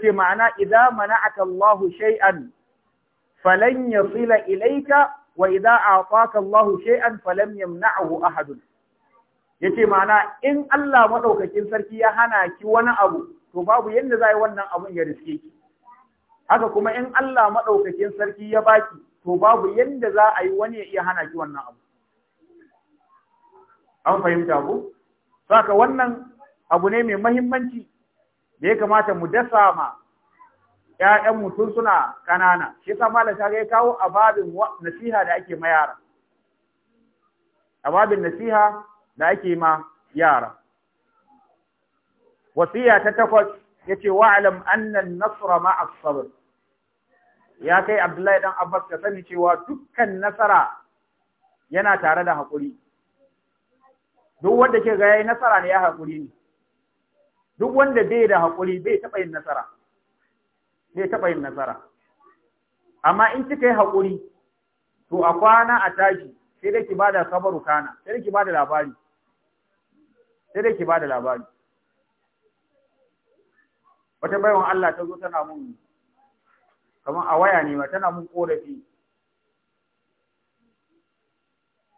ce ma'ana, idza mana Allahu shay'an falan sila ilaika wa idza faka Allahu shay'an a yamna'hu ahadun. ce ma'ana in Allah maɗaukakin sarki ya hana ki wani abu to babu yadda za yi wannan abun ya riske ki. haka kuma in Allah maɗaukakin sarki ya baki to babu yadda za a yi wani ya iya hana ki wannan abu an fahimta ku saka wannan abu ne mai mahimmanci da ya kamata mu dasa ma ƴaƴan mutum suna kanana shi yasa mala ta ya kawo ababin nasiha da ake ma yara ababin nasiha da ake ma yara wasiya ta takwas ya ce anna an-nasra ma'a as-sabr ya kai Abdullahi dan Abbas ka sani cewa dukkan nasara yana tare da haƙuri duk wanda ke ga yayi nasara ne ya haƙuri ne duk wanda bai da haƙuri bai taɓa yin nasara bai taba yin nasara amma in kika yi haƙuri to a kwana a tashi sai dai ki bada sabaru kana sai dai ki bada labari sai dai ki bada labari wata baiwan Allah ta zo tana mun kamar a waya ne ma tana mun korafi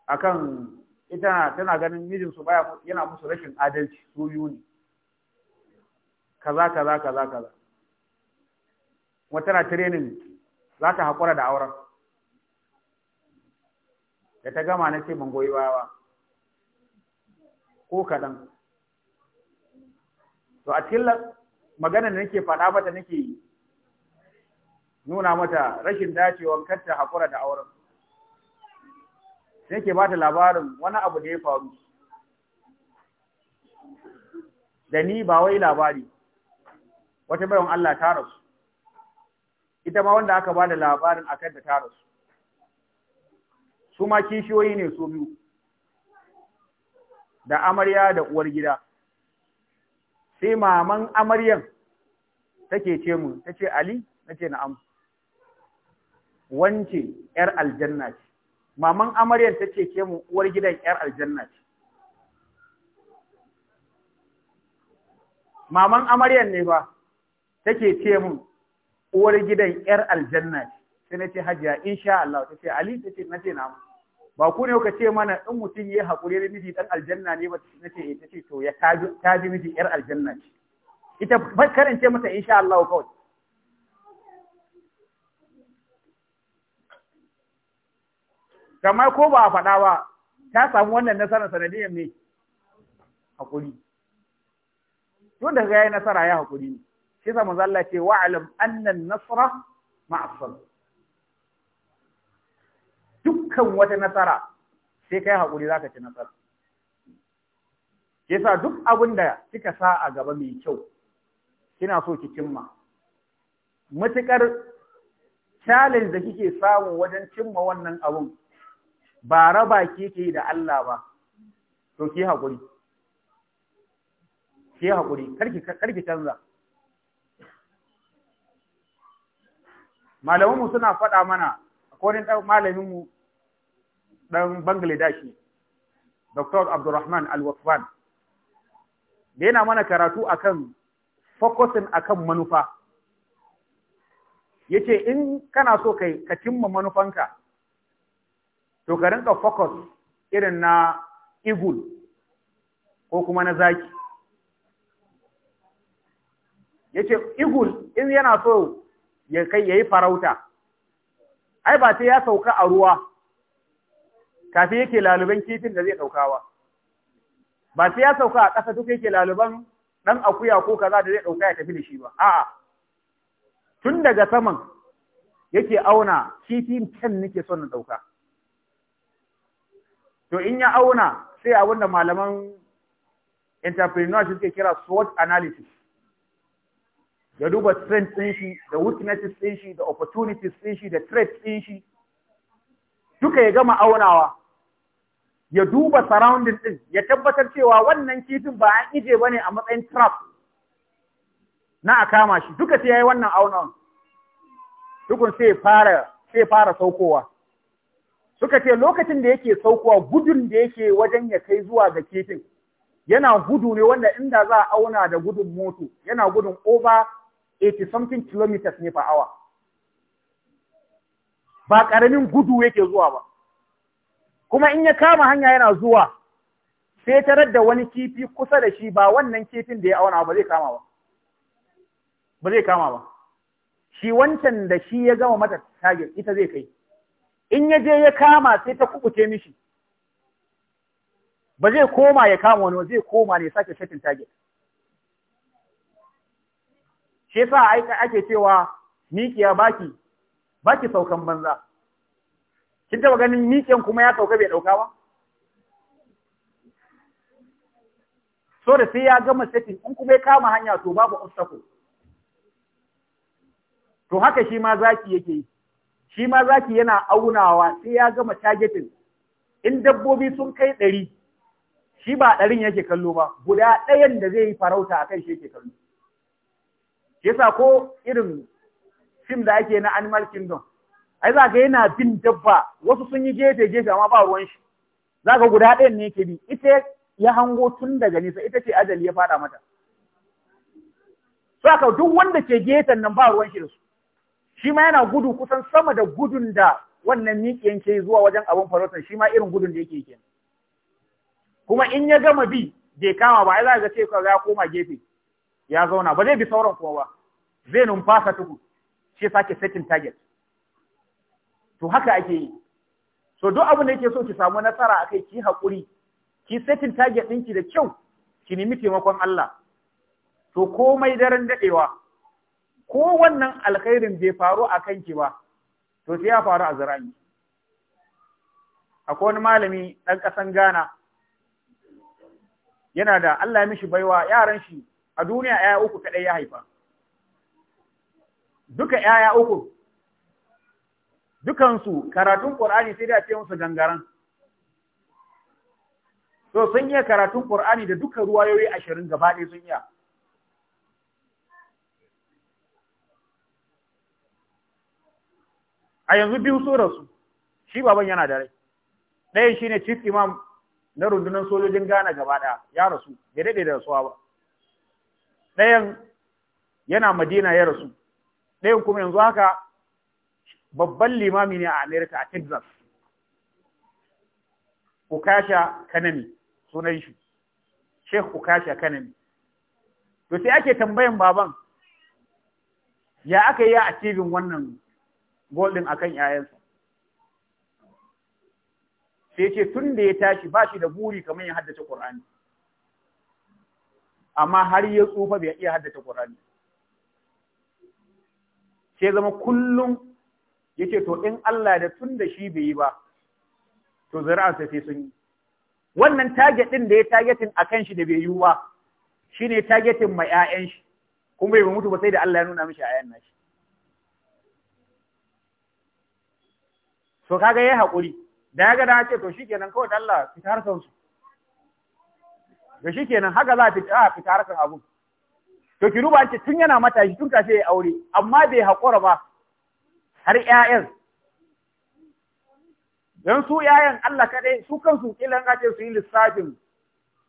akan ita tana ganin mijinsu baya yana musu rashin adalci su biyu ne kaza kaza kaza kaza kuma tana training za ta haƙura da auren da ta gama na ce ban goyi baya ko kaɗan to a cikin maganar da nake faɗa mata nake nuna mata rashin dacewan kar ta haƙura da auren sai ke bata labarin wani abu da ya faru da ni ba wai labari wata bayan Allah ta rasu ita ma wanda aka ba da labarin akan da ta rasu su ma kishiyoyi ne su biyu da amarya da uwar gida sai maman amaryan take ce mu tace Ali nace na'am wance ‘yar aljanna ce, maman amaryar ta ce ke mu uwar gidan ‘yar aljanna ce. Maman amaryar ne ba, take ce mu uwar gidan ‘yar aljanna ce, sai na ce hajiya insha Allah ta ce Ali ta ce na ce na ba ku ne ka ce mana in mutum ya haƙuri da miji ɗan aljanna ne ba na ce eh, ta ce to ya kaji miji ‘yar aljanna ce. Ita karance mata insha Allah kawai. kamar ko ba a faɗa ba ta samu wannan nasarar sanadiyar ne haƙuri. tun da ga yi nasara ya haƙuri ne shi sa manzo ce wa alam annan nasara ma'asar dukkan wata nasara sai kai za ka ci nasara yasa duk abin da kika sa a gaba mai kyau kina so ki cimma matukar challenge da kike samu wajen cimma wannan abun ba raba kike da Allah ba to ki haƙuri ki haƙuri karki karki canza Malaminmu suna faɗa mana akwai ɗan malamin mu ɗan Bangladesh Dr. Abdulrahman al da yana mana karatu akan focusing akan manufa yace in kana so kai ka cimma manufanka to ka rinka focus irin na eagle ko kuma na zaki yace eagle in yana so ya kai yayi farauta ai ba sai ya sauka a ruwa kafin yake laluban kifin da zai daukawa ba sai ya sauka a ƙasa duk yake laluban dan akuya ko kaza da zai dauka ya tafi da shi ba a'a tun daga saman yake auna kifin can nake son na dauka to in ya auna sai abin da malaman entrepreneurship ke kira SWOT analysis ya duba strength ɗin shi da weaknesses ɗin shi da opportunities ɗin shi da threats ɗin shi duka ya gama aunawa ya duba surrounding ɗin ya tabbatar cewa wannan kifin ba an ije bane a matsayin trap na a kama shi duka sai yayi wannan aunawa. Dukun sai fara sai fara saukowa suka ce lokacin da yake saukowa gudun da yake wajen ya kai zuwa ga kifin yana gudu ne wanda inda za a auna da gudun moto yana gudun over 80 something kilometers ne per hour ba ƙaramin gudu yake zuwa ba kuma in ya kama hanya yana zuwa sai tarar da wani kifi kusa da shi ba wannan kifin da ya auna ba zai kama ba ba zai kama ba shi wancan da shi ya gama mata target ita zai kai in ya je ya kama sai ta kubuce mishi ba zai koma ya kama wani zai koma ne sake shafin target shi yasa ake cewa mikiya baki baki saukan banza kin taba ganin mikiyan kuma ya sauka bai dauka ba so da sai ya gama setting in kuma ya kama hanya to babu obstacle to haka shi ma zaki yake yi shi ma zaki yana aunawa sai ya gama targetin in dabbobi sun kai ɗari shi ba ɗarin yake kallo ba guda ɗayan da zai yi farauta a kan shi yake kallo yasa ko irin fim da ake na animal kingdom ai za ga yana bin dabba wasu sun yi gefe gefe amma ba ruwan shi za ga guda ɗayan ne yake bi ita ya hango tun daga nisa ita ce ajali ya faɗa mata saka duk wanda ke gefen nan ba ruwan shi da su shi ma yana gudu kusan sama da gudun da wannan miƙiyan ke zuwa wajen abin farautar shi ma irin gudun da yake kenan kuma in ya gama bi bai kama ba ai za ga ce ya koma gefe ya zauna ba zai bi sauran kowa ba zai numfasa tuku shi sake setting target to haka ake yi so duk abin da yake so ki samu nasara a kai ki haƙuri ki setting target ɗinki da kyau ki nemi taimakon Allah to komai daren daɗewa ko wannan alkhairin bai faru a kanki ba to sai ya faru a zira'i akwai wani malami ɗan ƙasan Ghana yana da Allah ya mishi baiwa yaran shi a duniya ‘ya'ya uku kaɗai ya haifa. Duka ‘ya'ya uku, dukansu karatun Ƙur'ani sai da ce musu gangaran. To sun iya karatun Ƙur'ani da duka ruwayoyi ashirin gaba ɗaya sun iya. a yanzu biyu so rasu. shi baban yana da rai ɗayan shine chief imam na rundunar sojojin Ghana gaba ɗaya ya rasu bai daɗe da rasuwa ba ɗayan yana Madina ya rasu ɗayan kuma yanzu haka babban limami ne a America a Texas Ukasha kanani, sunan shi Sheikh Ukasha Kanami to sai ake tambayan baban ya aka yi a cibin wannan goldin akan ƴaƴansa sai ce tun da ya tashi ba shi da buri kamar ya haddace Qur'ani amma har ya tsufa bai iya haddace Qur'ani sai zama kullum yace to in Allah da tun da shi bai yi ba to zuri'arsa sai sun yi wannan target din da ya targetin akan shi da bai yi ba shine targetin ma ƴaƴan shi kuma bai mutu ba sai da Allah ya nuna mishi ayan nashi to kaga yayi hakuri da ya ga da ce to shikenan kawai da Allah fita harkan su to shikenan haka za ta fita harkan abun to ki ruba ce tun yana matashi tun kace ya aure amma bai hakura ba har ƴaƴan dan su ƴaƴan Allah kada su kansu ga ce su yi lissafin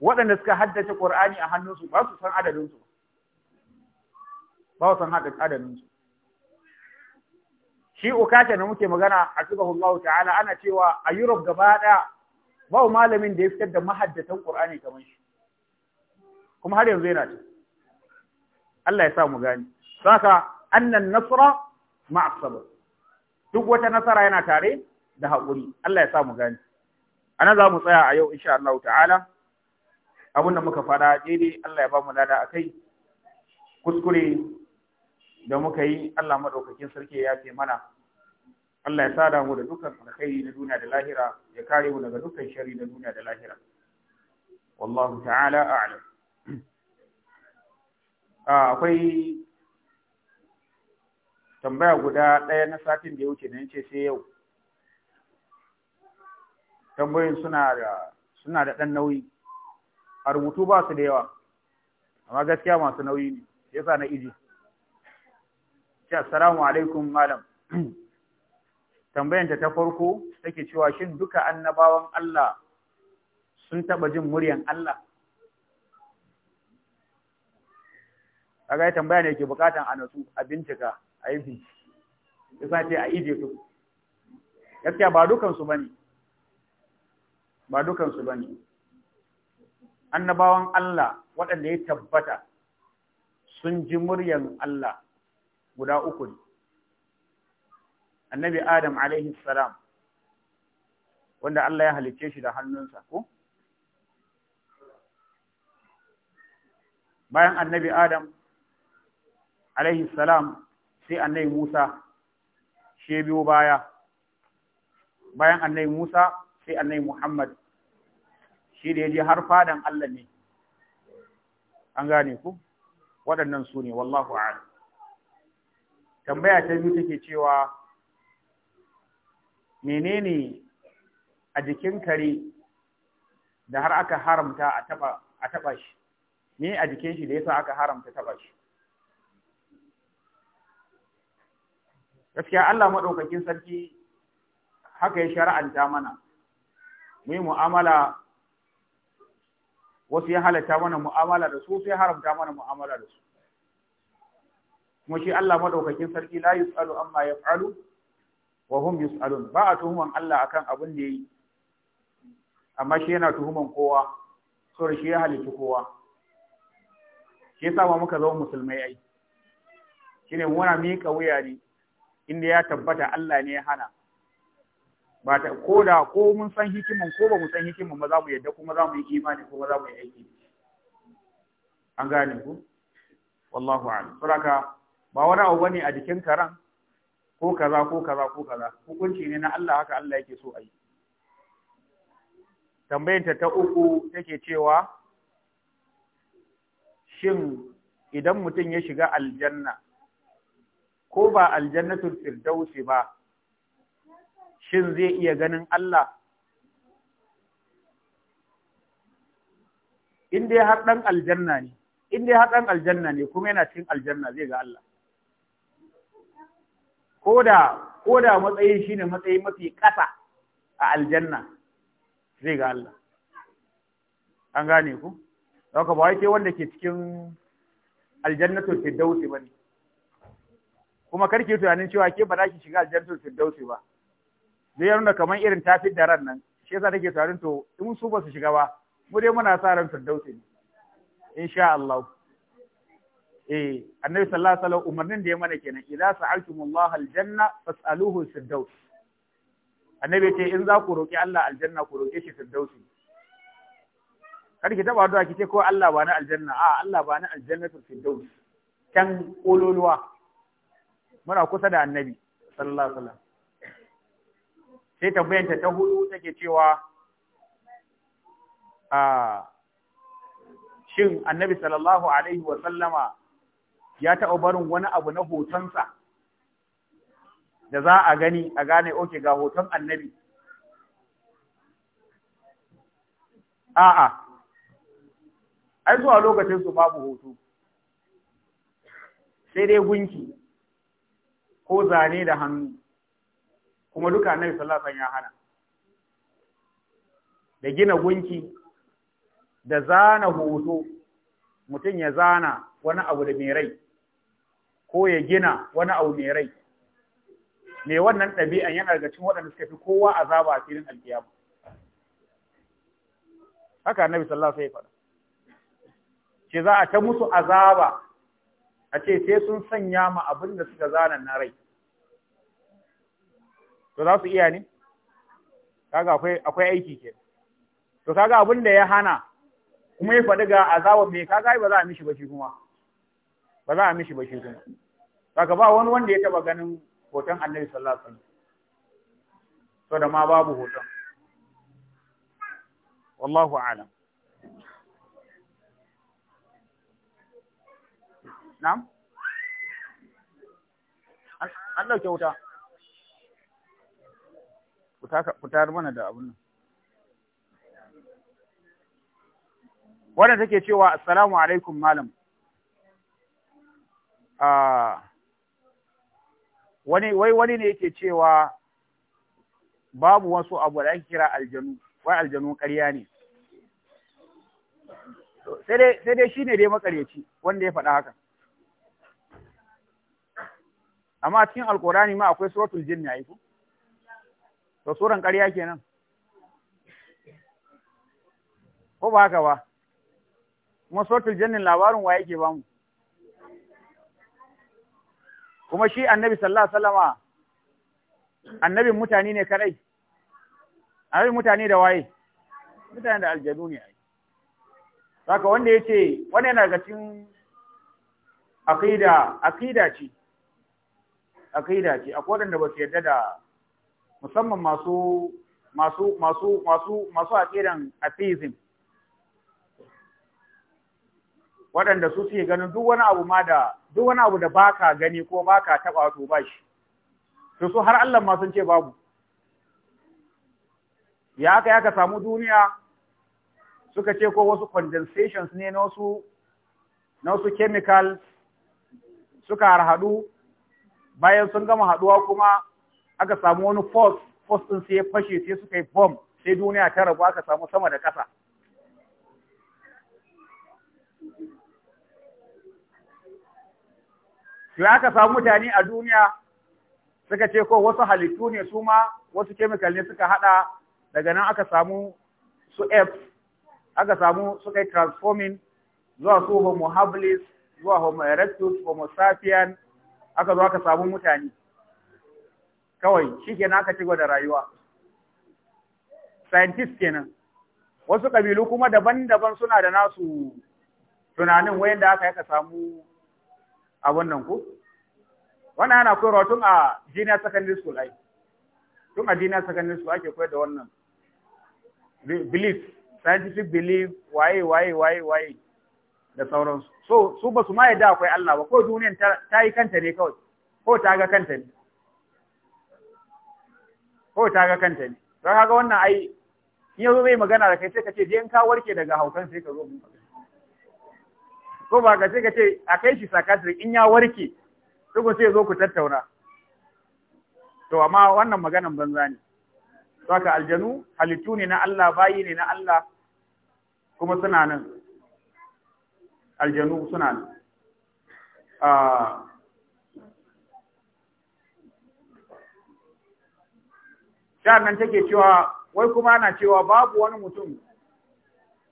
waɗanda suka haddace Qur'ani a hannunsu ba su san adadin su ba su san adadin su shi ukasha da muke magana a Allah ta'ala ana cewa a Europe gaba ɗaya ba malamin da ya fitar da mahaddatan Qur'ani kamar shi kuma har yanzu yana ta Allah ya sa mu gani saka annan nasra ma'a sabr duk wata nasara yana tare da haƙuri Allah ya sa mu gani ana za mu tsaya a yau insha Allah ta'ala abin da muka fara daidai Allah ya ba mu lada akai kuskure da muka yi Allah madaukakin sarki ya ce mana Allah ya sada mu da dukkan alkhairi na duniya da lahira ya kare mu daga dukkan shari na duniya da lahira wallahu ta'ala a'lam ah, akwai tambaya guda ɗaya na satin da ya wuce da ce sai yau tambayoyin suna da suna da ɗan nauyi a rubutu ba su da yawa amma gaskiya masu nauyi ne yasa na iji assalamu alaikum malam tambayanta ta farko take cewa shin duka annabawan Allah sun taɓa jin muryan Allah? Kaga tambaya ne ke bukatan a natsu a bincika a yi bincike. Yasa sai a ije su. Gaskiya ba dukansu ba ne. Ba dukansu ba ne. Annabawan Allah waɗanda ya tabbata sun ji muryan Allah guda uku ne. annabi Adam alaihi salam wanda Allah ya halicce shi da hannunsa ko bayan annabi Adam alaihi salam sai annabi Musa shi biyo baya bayan annabi Musa sai annabi Muhammad shi da yaje har fadan Allah ne an gane ku waɗannan su ne wallahu a'lam tambaya ta biyu take cewa menene a jikin kare da har aka haramta a taba a taba shi me a jikin shi da yasa aka haramta taba shi gaskiya Allah madaukakin sarki haka ya shar'anta mana mu yi mu'amala wasu ya halatta mana mu'amala da su sai haramta mana mu'amala da su kuma shi Allah madaukakin sarki la yusalu amma yaf'alu wa hum yus'alun ba a tuhuman Allah akan abun da yayi amma shi yana tuhuman kowa so shi ya halitta kowa shi yasa ma muka zama musulmai ai shine muna mika wuya ne inda ya tabbata Allah ne ya hana ba ta ko da ko mun san hikiman ko ba mu san hikiman ba za mu yadda kuma za mu yi imani kuma za mu yi aiki an gane ku wallahu a'lam saraka ba wani abu bane a jikin karan ko kaza ko kaza ko kaza hukunci ne na Allah haka Allah yake so a yi tambayanta ta uku take cewa shin idan mutum ya shiga aljanna ko ba aljannatul firdaus ba shin zai iya ganin Allah in dai har dan aljanna ne in dai har dan aljanna ne kuma yana cikin aljanna zai ga Allah Koda da matsayin shi ne matsayi mafi kasa a aljanna zai ga Allah an gane ku haka ba wai wanda ke cikin aljannatul firdausi bane kuma karki tunanin cewa ke ba za ki shiga aljannatul firdausi ba zai nuna kamar irin tafi da ran nan shi yasa take tunanin to in su ba su shiga ba mu dai muna sa ran firdausi ne insha Allah eh annabi sallallahu alaihi wasallam umarnin da ya mana kenan idza sa'altumullah aljanna fas'aluhu firdaus annabi ce in za ku roki Allah aljanna ku roke shi firdausi kar ki taba addu'a ki ce ko Allah ba na aljanna a Allah ba na aljannatul firdaus kan kololuwa muna kusa da annabi sallallahu alaihi wasallam sai tambayanta ta hudu take cewa a ah, shin annabi sallallahu alaihi wa sallama ya taɓa barin wani abu na hotonsa da za a gani a gane oke ga hoton annabi a'a ai zuwa lokacin su babu hoto sai dai gunki ko zane da hannu kuma duka annabi sallallahu ya hana da gina gunki da zana hoto mutum ya zana wani abu da mai rai ko ya gina wani abu mai wannan ɗabi'an yana daga cikin waɗanda suka fi kowa azaba a filin alkiyama haka annabi sallallahu alaihi wasallam ce za a ta musu azaba a ce sai sun sanya ma abin da suka zana na rai to za su iya ne kaga akwai akwai aiki ke to kaga abin da ya hana kuma ya faɗi ga azaba mai kaga ba za a mishi ba shi kuma ba za a mishi ba shi kuma Saka ba wani wanda ya taba ganin hoton annabi sallallahu alaihi wasallam. To da ma babu hoton. Wallahu a'lam. Na'am? An ɗauke wuta. Ku tayar mana da abin nan. Wannan take cewa, Assalamu alaikum malam. Ah. wani wai wani ne yake cewa babu wasu abu da ake kira aljanu wai aljanu ƙarya ne sai dai shi ne dai makaryaci wanda ya faɗa haka amma cikin alkurani ma akwai suratul jinn ya to suran ƙarya kenan ko ba haka ba kuma suratul jinnin labarin wa yake mu? kuma shi annabi sallallahu alaihi wasallama annabin mutane ne kadai annabin mutane da waye mutane da aljanu ne ai saka wanda yace wani yana daga cikin aqida aqida ce aqida ce akwai wanda ba su yarda da musamman masu masu masu masu masu aqidan atheism waɗanda su suke ganin duk wani abu ma da duk wani abu da baka gani ko baka taba to ba shi to su har Allah ma sun ce babu ya aka ya ka samu duniya suka ce ko wasu condensations ne na wasu na wasu chemicals suka harhaɗu bayan sun gama haɗuwa kuma aka samu wani force force ɗin sai ya fashe sai suka yi bomb sai duniya ta rabu aka samu sama da ƙasa To aka samu mutane a duniya suka ce ko wasu halittu ne su ma wasu chemical ne suka hada daga nan aka samu su F aka samu su kai transforming zuwa su homo habilis zuwa homo erectus homo sapien aka zo aka samu mutane kawai na aka ci da rayuwa scientist kenan wasu kabilu kuma daban-daban suna da nasu tunanin wayanda aka yi aka samu abun nan ko wannan ana koyarwa tun a junior secondary school ai tun a junior secondary school ake koyar da wannan belief scientific belief waye waye waye waye da sauransu so su ba su ma yadda akwai Allah ba ko duniyar ta yi kanta ne kawai ko ta ga kanta ne ko ta ga kanta ne don haka wannan ai in yazo zai magana da kai sai ka ce je in ka warke daga haukan sai ka zo mu ko ba ka ce ka ce a kai shi psychiatrist in ya warke tukun sai zo ku tattauna to amma wannan maganan banza ne saka aljanu halittu ne na Allah bayi ne na Allah kuma suna nan aljanu suna nan ah, sha nan take cewa wai kuma ana cewa babu wani mutum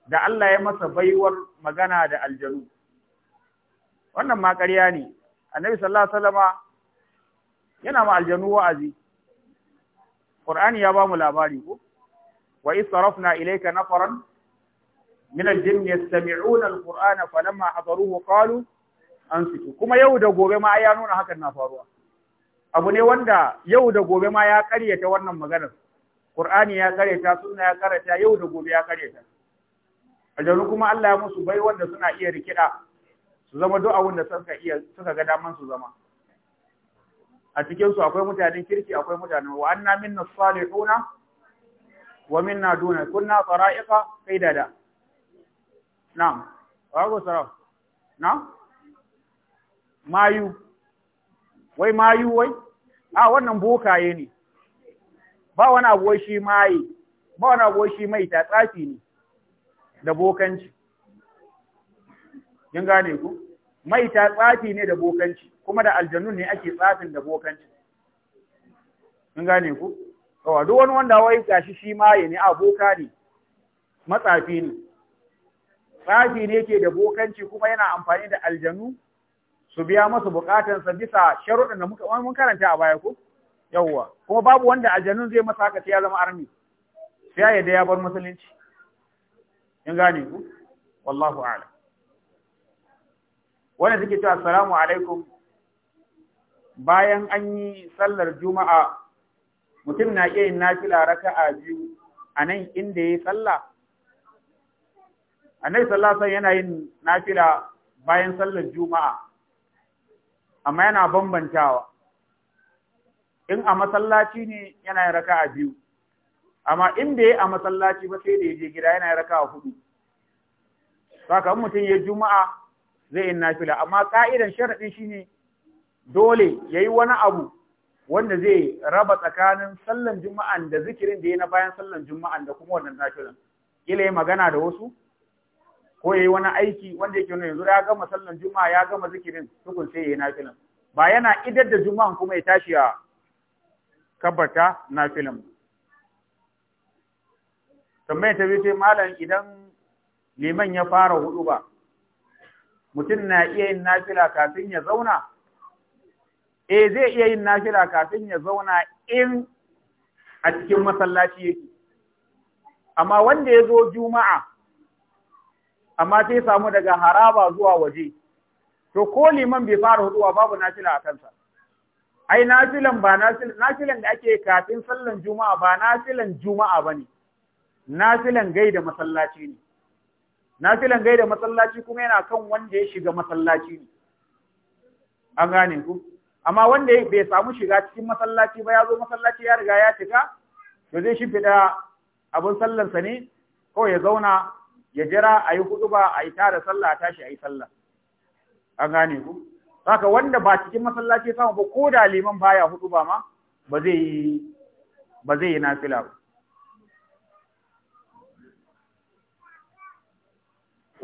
da Allah ya masa baiwar magana da aljanu wannan ma ƙarya ne annabi sallallahu alaihi wasallama yana ma aljanu wa'azi qur'ani ya bamu labari ko wa isarafna ilayka nafaran min aljin yastami'una alqur'ana falamma hadaruhu qalu ansitu kuma yau da gobe ma ya nuna hakan na faruwa abu ne wanda yau da gobe ma ya karyata wannan maganar qur'ani ya karyata sunna ya karyata yau da gobe ya karyata aljanu kuma Allah ya musu bai wanda suna iya rikida su zama duk abin da suka iya suka ga daman su zama a cikin su akwai mutanen kirki akwai mutanen wa anna minna salihuna wa minna duna kunna tsara'iqa qaidada na'am wa go sara na'am mayu wai mayu wai a wannan bokaye ne ba wani abu shi mai ba wani abu shi mai ta tsafi ne da bokanci kin gane ku mai ta tsafi ne da bokanci kuma da aljanun ne ake tsafin da bokanci kin gane ku to duk wani wanda wai gashi shi maye ne aboka ne matsafi ne tsafi ne ke da bokanci kuma yana amfani da aljanu su biya masa sa bisa sharuɗin da muka mun karanta a baya ku? yawwa kuma babu wanda aljanun zai masa haka ya zama armi sai ya da ya bar musulunci kin gane ku wallahu a'lam wanda suke cewa assalamu alaikum bayan an yi sallar juma'a mutum na iya yin nafila raka'a biyu a nan inda ya yi sallah annabi sallallahu alaihi yana yin nafila bayan sallar juma'a amma yana bambantawa in a masallaci ne yana yin raka'a biyu amma in bai a masallaci ba sai da ya je gida yana yin raka'a hudu saka mutum ya juma'a zai yi nafila amma ka'idan sharaɗin shine dole yayi wani abu wanda zai raba tsakanin sallan juma'an da zikirin da yayi na bayan sallan juma'an da kuma wannan nafilan kila yayi magana da wasu ko yayi wani aiki wanda yake wani yanzu ya gama sallan juma'a ya gama zikirin tukun sai yayi nafilan ba yana idar da juma'an kuma ya tashi a kabbata nafilan tambayar ta sai malam idan liman ya fara hudu ba mutum na iya yin nafila kafin ya zauna eh zai iya yin nafila kafin ya zauna in a cikin masallaci yake amma wanda ya zo juma'a amma sai samu daga haraba zuwa waje to ko liman bai fara huduwa babu nafila a kansa ai nafilan ba nafilan da ake kafin sallan juma'a ba nafilan juma'a ba ne. nafilan gaida masallaci ne nafilan gaida masallaci kuma yana kan wanda ya shiga masallaci ne an gane ku amma wanda bai samu shiga cikin masallaci ba ya zo masallaci ya riga ya shiga to zai shimfiɗa abin sallansa ne kawai ya zauna ya jira a yi hudu ba a yi tara sallah a tashi a yi sallah an gane ku haka wanda ba cikin masallaci samu ba ko da liman baya hudu ba ma ba zai yi ba zai yi nafila ba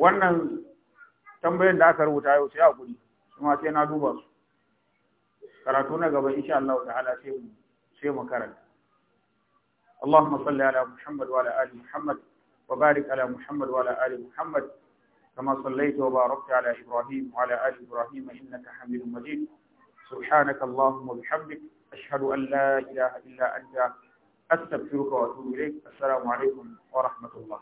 wannan tambayan da aka rubuta yau sai a guri kuma sai na duba su karatu na gaba insha Allah ta'ala sai mu sai mu karanta Allahumma salli ala Muhammad wa ala ali Muhammad wa barik ala Muhammad wa ala ali Muhammad kama sallaita wa barakta ala Ibrahim wa ala ali Ibrahim innaka Hamidum Majid subhanaka Allahumma bihamdik ashhadu an la ilaha illa anta astaghfiruka wa atubu ilaik assalamu alaikum wa rahmatullah